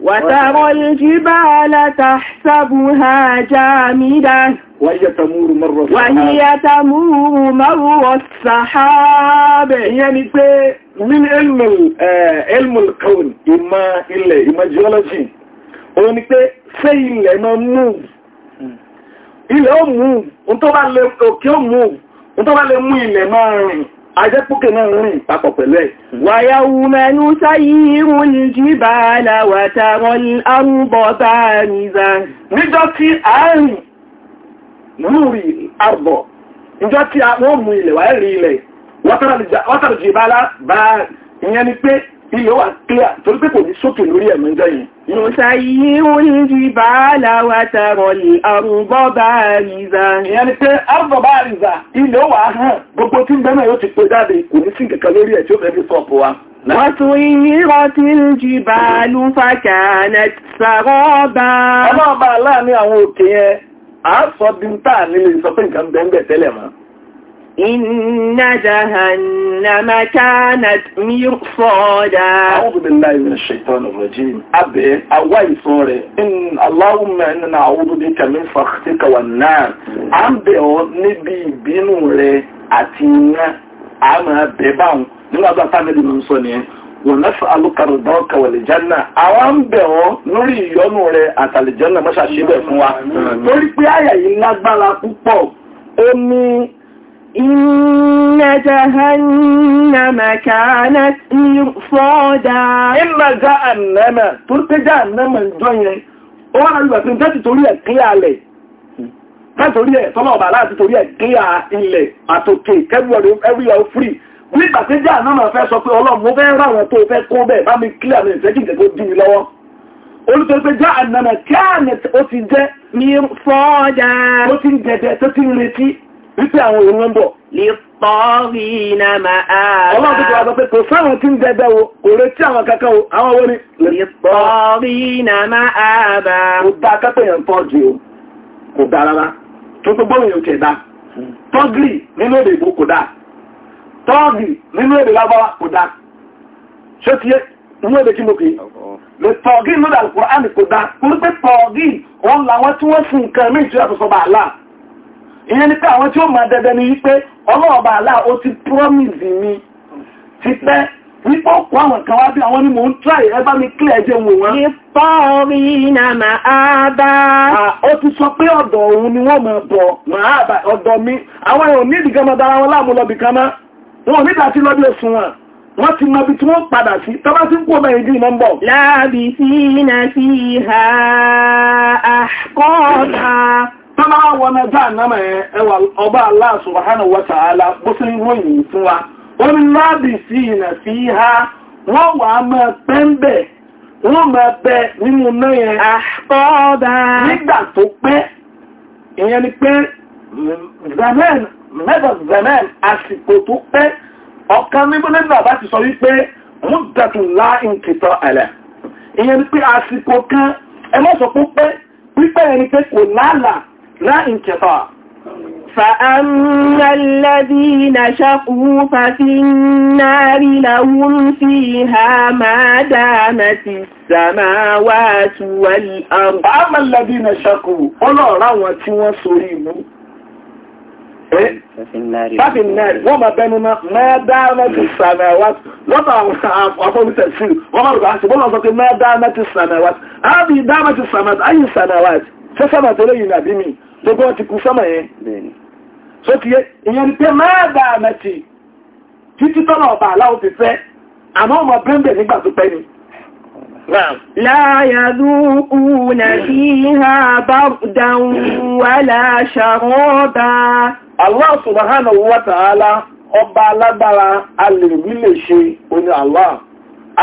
وترى الجبال تحسبها جامدة وهي تمور مر السحاب وهي تمور مر السحاب يعني من علم علم الكون إما إلا إما جيولوجي òun ni pé ṣé ilẹ̀ ma move ilẹ̀ ó move ohun tó bá lè òkè ó move ohun ajẹ́pùkẹ̀ náà rìn papọ̀ pẹ̀lú ẹ̀. wàyàwùmẹ̀nú sáyírùn jìbàlá wàtàrọ̀ arúbọ̀ bá nìza. níjọ́ tí a rìn lórí àrùbọ̀ níjọ́ tí a wọ́n mú ilẹ̀ wà rí ilẹ̀ wọ́tàrọ̀ jìbàlá bá ìyẹn ni pé ilé wà clear torí pé kò ní sókè lórí ẹ̀mọ́ ìjọ yìí. Mùsà yìí ó ní ju bàálà wa tààrọ̀ ní àrùbọ́ bàárìzà. Ìyẹn ni pé àrùbọ́ bàárìzà ilé wà hàn gbogbo tí ń bẹ́ẹ̀ náà yóò ti pé jáde kò ní sí kankan lórí ẹ̀ tí ó fẹ́ fi wa. Inna إن جهنم كانت مرصادا أعوذ بالله من الشيطان الرجيم أبي أوي صوري إن اللهم إن نعوذ بك من فخطك والنار أبي نبي بنوري أتينا أما ببان nígbàtà tánàbí mọ̀ sọ ni wọ́n náà fún alùkàrùdọ́ kàwàlìjánà àwọn ń bẹ̀ ọ́ lórí ìyọ́nù rẹ̀ àtàlìjánà mọ́ṣàṣẹ́bẹ̀ fún wa lórí pé àyà yìí lágbára púpọ̀ ó ní إن جهنم كانت مرصادا إما جهنم تلك جهنم الدنيا wọ́n rí wẹ̀fin tẹ́ ti torí ẹ̀ kíyà lẹ̀ tẹ́ torí ẹ̀ tọ́lọ̀ ọ̀bà láti torí ẹ̀ kíyà ilẹ̀ àtòkè kẹ́bíọ̀rẹ̀ everywhere free nígbà tí jà náà fẹ́ sọ pé ọlọ́run mo fẹ́ ráwọn tó fẹ́ kó bẹ́ẹ̀ bá mi kílẹ̀ mi ìfẹ́ jìnkẹ́ tó dì mí lọ́wọ́ olùtọ́ pé wípé àwọn òun ń bọ̀. lè pọ́ọ̀rì iná máa. ọlọ́run tó ti pé kò sáwọn tí ń wo kò retí àwọn kankan àwọn ni. lè iná máa bá. kò dá yẹn pọ̀ jù o kò dá rárá tó tó tọ́gìrì nínú èdè ìbò kò dá nínú èdè kò dá ṣé ti ihe ni pé àwọn tí ó máa dẹ́dẹ́ ni wípé ọlọ́ọ̀bà aláà ó ti promise mi ti pẹ́ wípé ó kọ́ àwọn ni mò ń try ẹ bá mi clear ẹjẹ́ wò wọ́n. ìpọ́ orí iná máa bá. ó ti sọ pé ọ̀dọ̀ òun ni wọ́n máa bọ̀ máa bá ọ̀dọ̀ mi àwọn èèyàn ní ìdìgan máa dára wọn láàmú wọn ò ní ìdásí lọ́bì wọn ti mọ ibi tí wọ́n padà sí ń kú ọmọ ìdí ń bọ̀. láàbì tọ́lá wọn náà já ẹwà ọba Allah subhanahu wa ta'ala bó ròyìn fún wa ó ní láàbì sí ìnà ha wọ́n wà mọ́ máa wọ́n bẹ nínú náà àpọ́ọ̀dá nígbà tó pẹ́ ìyẹn ni pé zaman mẹ́bọ̀ zaman àsìkò tó pẹ́ ọ̀kan níbo nígbà bá ti sọ wípé wọ́n lá ìkìtọ̀ àlẹ́ ìyẹn ni pé àsìkò kan ẹ mọ́ sọ pípẹ́ ẹni pé لا انقطاع فأما الذين شقوا ففي النار لهم فيها ما دامت السماوات والأرض فأما الذين شقوا ọlọ́ ra wọn tí wọ́n sórí mú fàfí náàrí wọ́n ma bẹnu náà ma dáamẹ́ ti sàmẹ̀wàtí lọ́pàá àwọn afọ́bítẹ̀ sí wọ́n ma rọ̀ sọ ṣé sábà tó lẹ́yìn àbí mi gbogbo wọn ti kú sábà yẹn so ti yẹ ìyẹn pé máa bá mẹ́tì títí tọ́nà ọba aláwọ̀ ti fẹ́ àmọ́ ọmọ bẹ́ẹ̀ nígbà tó pẹ́ ni. لا يذوقون فيها بردا ولا شرابا الله سبحانه وتعالى ọba alágbára alèrèmí lè ṣe oní Allah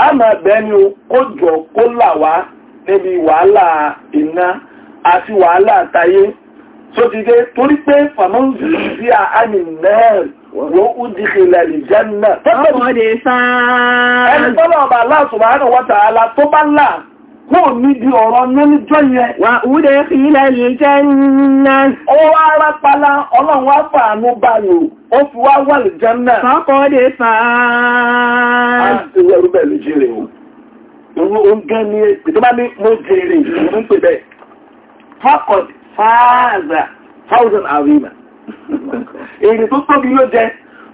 a máa bẹ́ni ó jọ kó là wá níbi wàhálà iná àti wàhálà àtayé tó ti dé torí pé fàmọ́nzìlì sí àánì náà wọ́n ó dìkìlẹ̀ ìjẹ́nà ẹni tọ́lọ̀ ọba Allah subhanahu wa ta'ala tó bá là kó nídi ọ̀rọ̀ níjọ́ yẹn wà údé fílẹ̀ ìjẹ́nà ó wá rápálá ọlọ́run wá fàánú báyò ó fi wá wà ìjẹ́nà fọ́kọ́dé fàá faqad fáàzà thousand àríwá èrè tó tóbi ló jẹ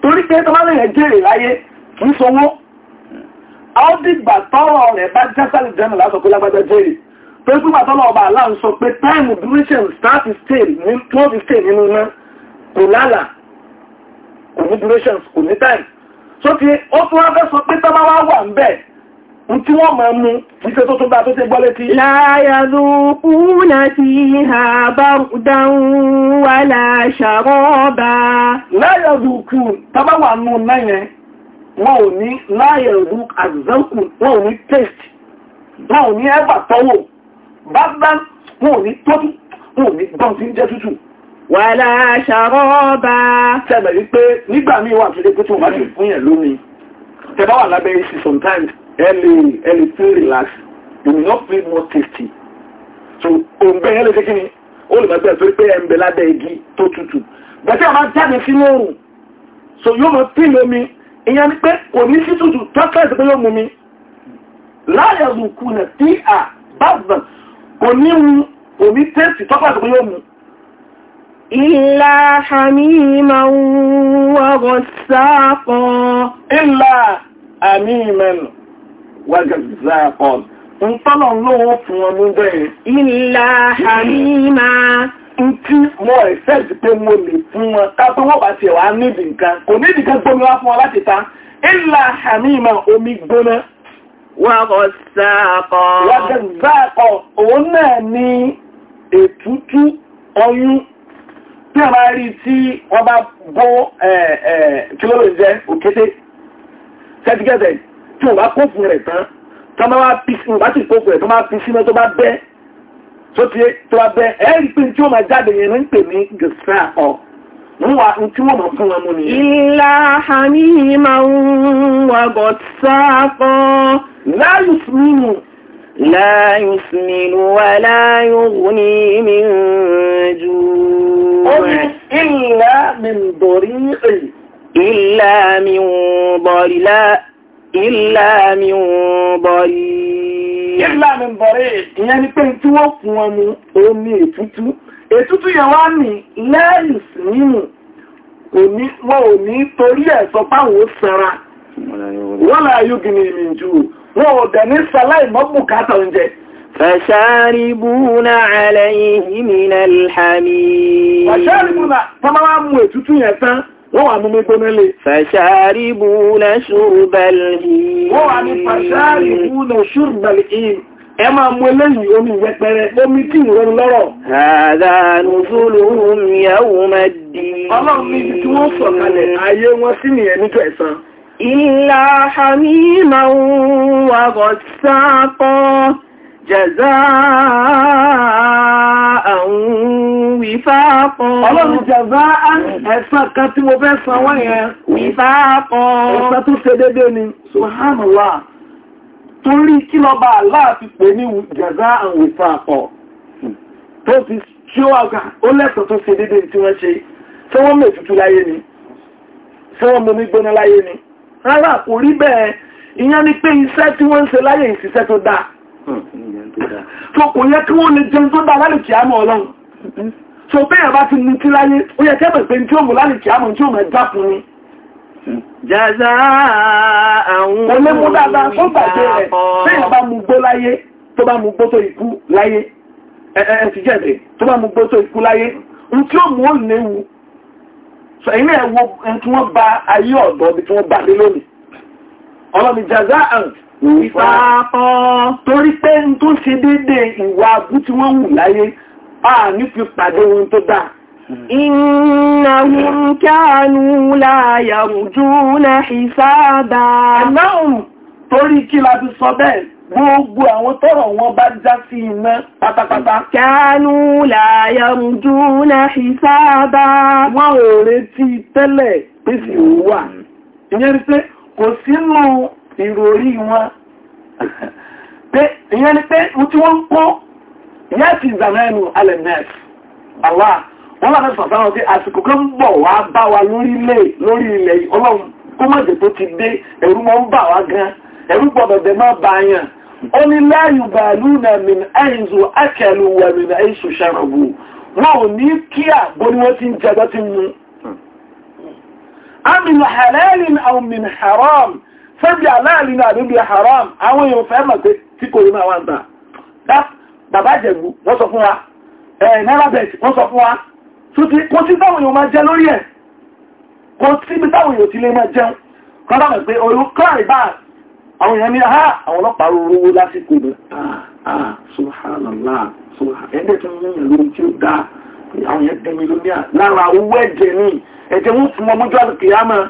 torí pé tó bá lè jèrè láyé kì í sanwó ọ́dìgbà tọ́rọ rẹ̀ bá jásàlì jẹ́nà lásọ̀kú lágbàjá jèrè tó ń púpà tọ́lọ̀ ọba aláà ń sọ pé time duration start to stay ní 12 stay nínú iná kò lálà kò ní duration kò ní time so ti ó tún wá fẹ́ sọ pé tọ́bá wá wà ń bẹ́ẹ̀ tí wọ́n máa mú ìfẹ́ tó tó bá tó tẹ́ gbọ́ létí. láyàzó kúnà sí ha bá dáhùn wà láṣàrọ́bà. láyàzó kú tàbáwà nù náyẹn wọ́n ò ní test wọ́n ò ní ẹgbà tọ́wò bábá wọ́n ò ní tọ́tù wọ́n ò ní gbọ́n tí ń jẹ́ tútù. wà láṣàrọ́bà. tẹ́lẹ̀ wípé nígbà míì wà tó dé pé tó wà ní ìfúnyẹ̀ lómi tẹ́bá wà lábẹ́ sometimes ẹlẹ ẹlẹ tí ń relax you will not feel more tasty so òǹgbẹ yẹn lè ṣe kí ni ó lè máa gbẹ torí pé ẹnbẹ lábẹ́ igi tó tutù bẹ́tẹ̀ àwọn jáde sínú òrùn so yóò máa pín omi ìyẹn ni pé kò ní sí tutù tọ́kẹ́sì pé yóò mú mi láyé lùkù nà tí à bàbà kò ní mu kò ní tẹ́sì tọ́kẹ́sì pé yóò mú. Ìlà àmìmà wọ́gọ̀ sáàpọ̀. Ìlà àmìmà nù wágàzáàkọ̀n ń tọ́lọ̀ lówó fún ọmọ bẹ́ẹ̀ ilá àmìmá ń tí mọ́ ẹ̀fẹ́ẹ̀sì pé mo lè fún wọn ká pé wọ́n bá ti ẹ̀wà nídìí nǹkan kò nídìí kan gbómi wá fún wọn láti ta ilá àmìmá omi gbóná wágàzáàkọ̀ òun náà ní ètútú ọyún tí a máa rí tí wọ́n bá bó kílórò jẹ́ òkété 30 gẹ́gẹ́ tí wọ́n bá kófù rẹ̀ tán tó bá wá pí sí ìbátí kófù rẹ̀ tó bá pí sí tó bá bẹ́ tó ti tó bá bẹ́ ẹ̀rí pé tí wọ́n máa jáde yẹn ń pè ní gẹ̀ẹ́sà ọ̀ wọ́n wá tí wọ́n máa fún wọn mú nìyẹn. ìlà hàní máa ń wà bọ̀ sáàpọ̀. láyùn sùnmù لا يسمن ولا يغني من جوع إلا من ضريع إلا من ضريع Ìlà mi ń bọ̀rí. Ìlà mi ń bọ̀rí. Ìyẹn ni pé tí wọ́n fún wọn mú omi ètútú. Ètútú yẹn wá ní lẹ́yìn sí nínú. Wọ́n ò ní torí ẹ̀ sọ páwọn ó sanra. Wọ́n là yóò gini ìrìn jù. Wọ́n ò dẹ̀ ní saláì mọ́ bùkátà oúnjẹ. Fàṣàrìbùnà àlẹ́yìn ìmìnà ìhàmì. Fàṣàrìbùnà, tọ́mọ́ wá mú ètútú yẹn tán wọ́n wà mú mi tó nílé. Fàṣàríbùnà ṣùrùbẹ̀lì. Wọ́n wà mú eléyìí omi ìwẹ́pẹrẹ, omi kí ìrọrùn lọ́rọ̀. Àdánù fúlù ìyàwó máa dì. Ọlọ́run ní tí wọ́n sọ̀kalẹ̀, ayé wọn sí nìyẹn nítorí ẹ̀san. Ìlà jẹ̀záà wífáàpọ̀. Ọlọ́run jẹ̀zá ẹ̀san kan tí mo fẹ́ san wọ́n yẹn. Wífáàpọ̀. Ẹ̀san tó ṣe dédé ni, Subhanallah. Torí kí lọ bá aláàfi pè ní jẹ̀zá àwọn wífáàpọ̀. Tó fi ṣí ó àgbà, ó lẹ́san tó ṣe dédé tí wọ́n ṣe. Ṣé wọ́n mè tutù láyé ni? Ṣé wọ́n mú mi gbóná láyé ni? Rárá, kò rí bẹ́ẹ̀. Ìyẹn ni pé iṣẹ́ tí wọ́n ń ṣe láyé ìṣiṣẹ́ tó dáa so kò yẹ kí wọ́n lè jẹun tó dá lálẹ́ kìí àmọ́ ọlọ́run so bẹ́ẹ̀ bá ti mú tí láyé ó yẹ kẹ́bẹ̀ pé tí ó mú lálẹ́ kìí àmọ́ tí ó mọ̀ ẹja fún mi. jaza àwọn olùkọ́ olè mú dáadáa tó gbàgbé rẹ̀ bẹ́ẹ̀ bá mú gbó láyé tó bá mú gbó tó ikú láyé ẹ ẹ ti jẹ̀bẹ̀ tó bá mú gbó tó ikú láyé n tí ó mú ó léwu so ẹ̀yin náà wo ẹni tí wọ́n ba ayé ọ̀dọ́ bí tí wọ́n bá dé lónìí ọlọ́mi jaza àwọn ìfàkọ́ torí pé ń tó ṣe dédé ìwà abú tí wọ́n wù láyé a ní fi pàdé ohun tó dáa Innahum kanu la yarjuna hisaba. Ẹ̀láhùn torí kí la fi sọ bẹ́ẹ̀ gbogbo àwọn tọ́rọ̀ wọn bá já sí iná pátápátá. Kánú láyé mjú na ṣìsáàbá. Wọ́n ò retí tẹ́lẹ̀ pèsè òwà. Ìyẹn rí pé kò sínú irú orí wọn pé ìyẹn ni pé mú tí wọ́n ń pọ́ ti ìzànà ẹnu àwà wọ́n láti wọn pé àsìkò kan bọ̀ wá bá wa lórí ilẹ̀ ọlọ́run kó má jẹ́ tó ti dé ẹ̀rú mọ́ ń bà wá gan ẹ̀rú bá yàn ó ní bàálù wà ṣàrọ̀bù wọn ò sẹ́bí aláàrin ní àbíbí haram àwọn èèyàn fẹ́ mọ̀ pé tí kò rí máa wà ń tà bàbá wọ́n sọ fún wa wọ́n sọ fún wa kò sí táwọn èèyàn máa jẹ lórí ẹ̀ kò sí bí táwọn èèyàn ti lè máa jẹun kọ́nà mọ̀ pé àwọn èèyàn ní àhá àwọn ọlọ́pàá rúrú lásìkò ah, ah, wọ́n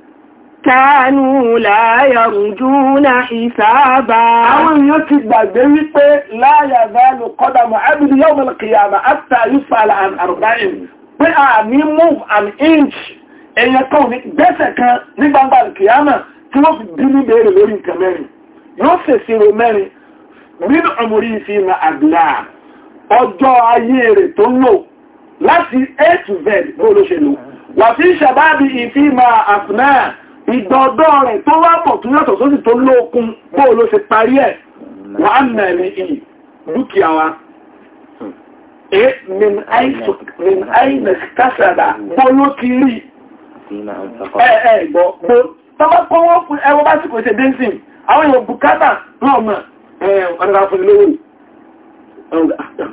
kánú láyàrùjúnà ìsáàbà. Àwọn èèyàn ti gbàgbé wípé láyàzálù kọ́dàmù ábìdì yóò mọ̀ kìyàmà àtà ìfàlà àn àrùbáyìn pé a ní move an inch èèyàn kan ní gbẹ́sẹ̀ kan ní gbangba kìyàmà tí wọ́n fi bí ní béèrè lórí nǹkan mẹ́rin yóò fèsì ro mẹ́rin nínú ọmọrí ìfi ma àdúrà ọjọ́ ayé rẹ̀ tó ń lò láti a to z bó ló ṣe lò wà fi ṣàbábì ìfi ma àfúnáà ìdọ̀dọ̀ rẹ̀ tó wá mọ̀ tún yàtọ̀ sósì tó lóòkun bó ló ṣe parí ẹ̀ wà mẹ́rin ì dúkìá wa e min aines kásàdà bó ló ti rí ẹ̀ẹ̀gbọ́ bó tọ́bá kọ́wọ́ fún ẹwọ́ bá sì kò ṣe dẹ́sìn àwọn èèyàn bùkátà náà mọ̀ ọ̀nà fún ilé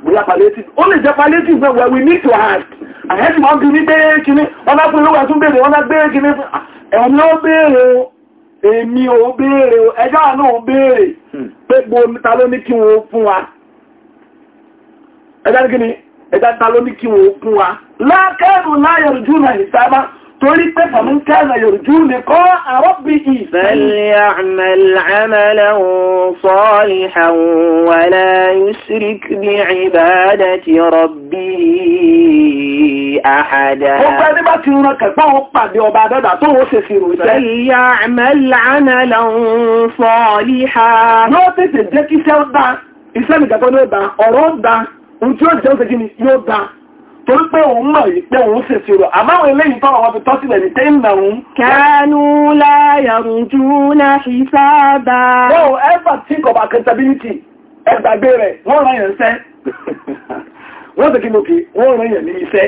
Bóyá palliative, ó lè jẹ́ palliative where we need to ask. Àyẹ́sì máa ń bí ní gbé kíní, wọ́n bá fún ilé wẹ̀ tún bèèrè, ẹni ó béèrè èmi ò béèrè ẹjọ́ àánú ò béèrè hmm. pé gbóòmítà ló ní kí wọ́n fún wa ẹjá ní kí ni ẹjá ta ló ní kí wọ́n fún wa lákẹ́rù láyẹ̀rù jù náà ìsábá torí pé fàmí kẹ́rẹ̀ yòrùjú lè kọ́ àrọ́bì àhàdà. Gbogbo ẹni bá ti rán kẹ̀gbọ́n òun pàdé ọba dọ́dà tó wọ́n ṣe fìrò iṣẹ́. Ìyá àmẹ́lànà lọ ń fọ́ líha. Yóò tètè jẹ́ kí iṣẹ́ dá, iṣẹ́ mi accountability ẹgbàgbé rẹ̀ wọ́n rán yẹn sẹ́. Wọ́n ti kí mo kì í, wọ́n rán ní iṣẹ́.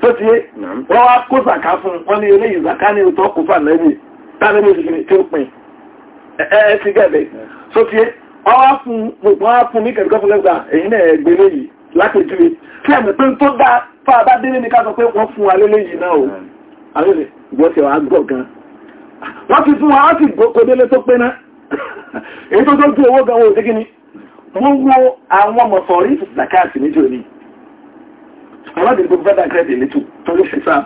tó ti yé wọ́n wá kó zàká fún wọ́n ní eléyìí zàká ní ìtọ́ kó fà lẹ́bí tàbí ní ìṣẹ̀lẹ̀ tí ó pin ẹ̀ẹ́ ti gẹ̀ẹ́bẹ̀ tó ti yé wọ́n wá fún gbogbo wá fún ní kẹ̀kọ́ fún lẹ́gbà èyí náà ẹgbẹ́ léyìí lápèjúwe tí ẹ̀mí pé tó dá fà bá délé ní ká sọ pé wọ́n fún wa léléyìí náà o àlejò ìgbọ́ ti wà á gbọ̀ gan wọ́n ti fún wa wọ́n ti gbọ́ kodélé tó pé ná èyí tó tó ju owó gan wo òdégíní mo wo àwọn mọ̀fọ̀rí zakati níjọ́ ni bàbá mi gbogbo bẹ́ẹ̀ credit létò torí ṣe sáà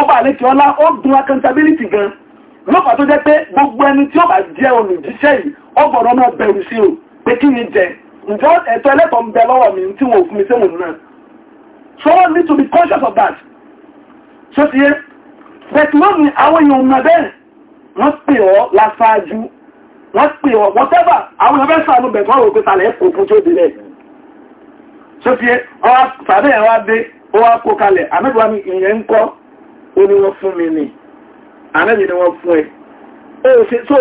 ọba àlékè ọlá ó dùn accountability gan lọ́pàá tó jẹ́ pé gbogbo ẹni tí ó bá jẹ́ olùjíṣẹ́ yìí ó gbọ́dọ̀ náà bẹ̀rù sí o pé kí ni jẹ ǹjọ́ ẹ̀tọ́ ẹlẹ́tọ̀ọ́ ń bẹ lọ́wọ́ mi tí wọ́n fún mi sí òun náà so We need to be conscious of that so ti yẹ bẹ̀tù lónìí àwọn èèyàn ọmọ bẹ́ẹ̀ wọ́n pè ọ́ lásáájú wọ́n pè ọ́ whatever àwọn èèyàn bẹ́ẹ̀ sàánú bẹ̀tù wọ́n rò pé sàlẹ̀ ẹ̀kọ́ fún tó délẹ̀ so ti yẹ ọwọ́ sàbẹ̀ ẹ̀wọ́ dé ó wá kó kalẹ̀ àmẹ́bíwá mi ìyẹn ń kọ́ ó ní wọ́n fún mi ni àmẹ́bí ni wọ́n fún ẹ tó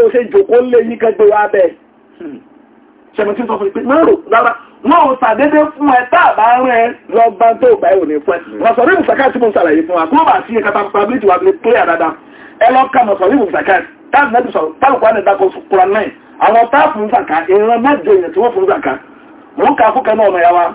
o ṣe jòkó lé yí kẹgbẹ́ wá bẹ́ẹ̀ hmm. ṣẹ̀mọ̀tí sọ fún ìpé márùn lára wọ́n ò sàdédé fún ẹ tàbá rẹ lọ́gbá tó bá ẹ̀ òní fún ẹ hmm. mọ̀sọ̀rí mùsàkà tí mo ṣàlàyé fún wa kúrò bá sí ẹ̀ka pàbílítì wà lè clear dáadáa ẹ lọ ka mọ̀sọ̀rí mùsàkà táàbù náà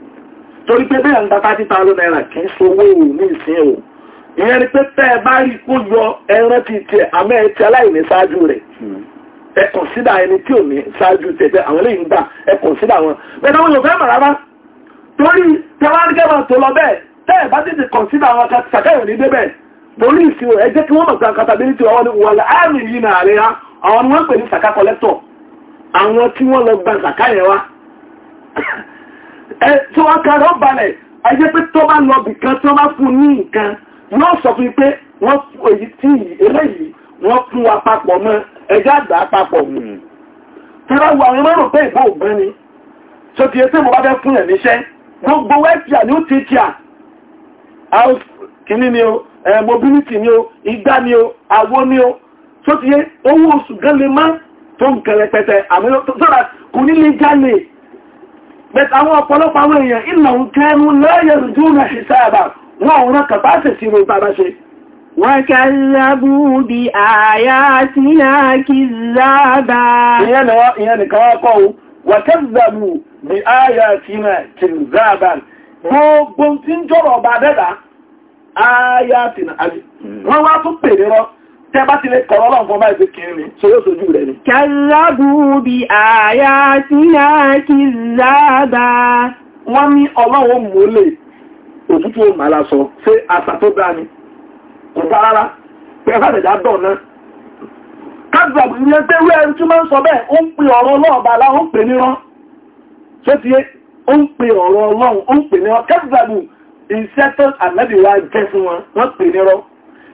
torí pé bẹ́ẹ̀ ń ta tàbí tààrù náírà kì í ò ní ìsìn ò ìyẹn ni pé tẹ́ ẹ bá rí kó yọ ẹran ti tiẹ̀ àmọ́ ẹ ti aláìní ṣáájú rẹ̀ ẹ ẹni tí ò ní ṣáájú tiẹ̀ àwọn eléyìí ń gbà ẹ wọn bá torí ìsìn ẹ jẹ́ kí wọ́n mọ̀ yìí nà àwọn ni wọ́n pè ní sàkà kọ́lẹ́tọ̀ àwọn tí ẹ tí wọ́n kan rọ́ balẹ̀ ayé pé tó bá lọ bì kan tí wọ́n bá fún ní nǹkan yóò sọ fún pé wọ́n fún èyí tí eléyìí wọ́n fún wa papọ̀ mọ́ ẹjá àgbà papọ̀ mọ́ tí wọ́n wọ àwọn mọ́rùn pé ìbò ògbọ́n ni tó ti ẹsẹ̀ mo bá fẹ́ fún ẹ̀ níṣẹ́ gbogbo wẹ́ẹ̀tì àní ó ti kí à kìíní ni o mobility ni o igbá ni o awó ni o tó ti owó oṣù gan le má tó ń kẹrẹpẹtẹ àmì bẹ̀t àwọn ọ̀pọ̀lọpọ̀ àwọn èèyàn ìlàun kẹrù lẹ́yẹ̀ rùjú rẹ̀ ṣìṣàbà wọn ò rán kàbá sì sí rùn bàbá ṣe wọ́n kẹrù bí àyà sí náà kí záàbà ìyẹn nìkan kọ́ wọ́n kẹrù bí àyà sí náà kí tẹ́ bá ti lè kọ̀rọ̀ ọlọ́run fún ọmọ ìpé kìí ni tó yóò sojú rẹ̀ ni. kàlábù bí àyà tí a kì záàbà. wọ́n ní ọlọ́run mọ́lẹ̀ òtútù òmàlà sọ ṣé àṣà tó dá ni kò bá rárá pé dọ̀ náà. kàlábù ilé tẹ́ wí tí máa ń sọ bẹ́ẹ̀ ó ń pe ọ̀rọ̀ ọlọ́ọ̀bà ó pè nírán ṣé ti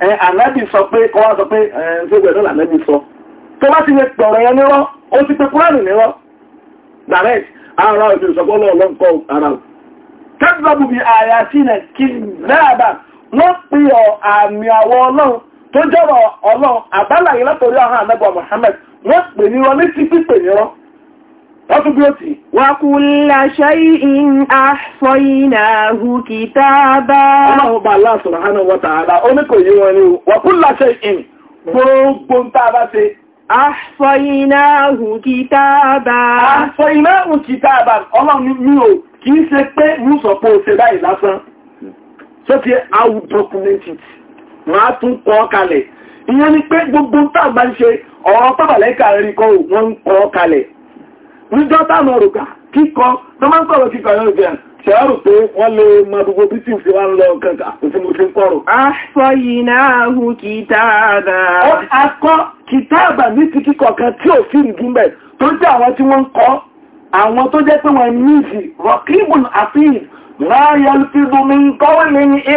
ànábì sọ pé kọ́ wá sọ pé ṣégbẹ̀ náà ànábì sọ tó bá ti lè pọ̀rọ̀ yẹn nírọ́ ó ti pe kúránì nírọ́ direct ara òjò ìṣọ́gbọ́lọ́ ọlọ́nkọ́ ara kẹ́gbọ́bù Muhammad وَكُلَّ شَيْءٍ أَحْصَيْنَاهُ كِتَابًا Ọlọ́ọ̀bá Allah subhanahu wa ta'ala, ó ní kò yí wọn ni ó, وَكُلَّ شَيْءٍ gbogbo ń tàbá ṣe. Àṣọ́ináhù kìtàbà. Àṣọ́ináhù kìtàbà, ọlọ́run mi ò kì í ṣe pé mú sọ̀pọ̀ ṣe báyìí lásán. Ṣé ti àwù documented, máa tún kọ́ kalẹ̀. Ìyẹn ni pé gbogbo ń ṣe ọ̀rọ̀ pàbàlẹ́kà rí kọ́ wọ́n ń níjọ́ táàmù ọ̀rùkà kíkọ tó máa ń kọ̀rọ̀ kíkọ yóò jẹ́ ṣẹ́rù pé wọ́n lè mọ gbogbo bí tí ìfẹ́ wá ń lọ kẹta òfin mo fi ń kọ̀rọ̀. aṣọ iná hu kìtàbà. ó akọ kìtàbà ní ti kíkọ kan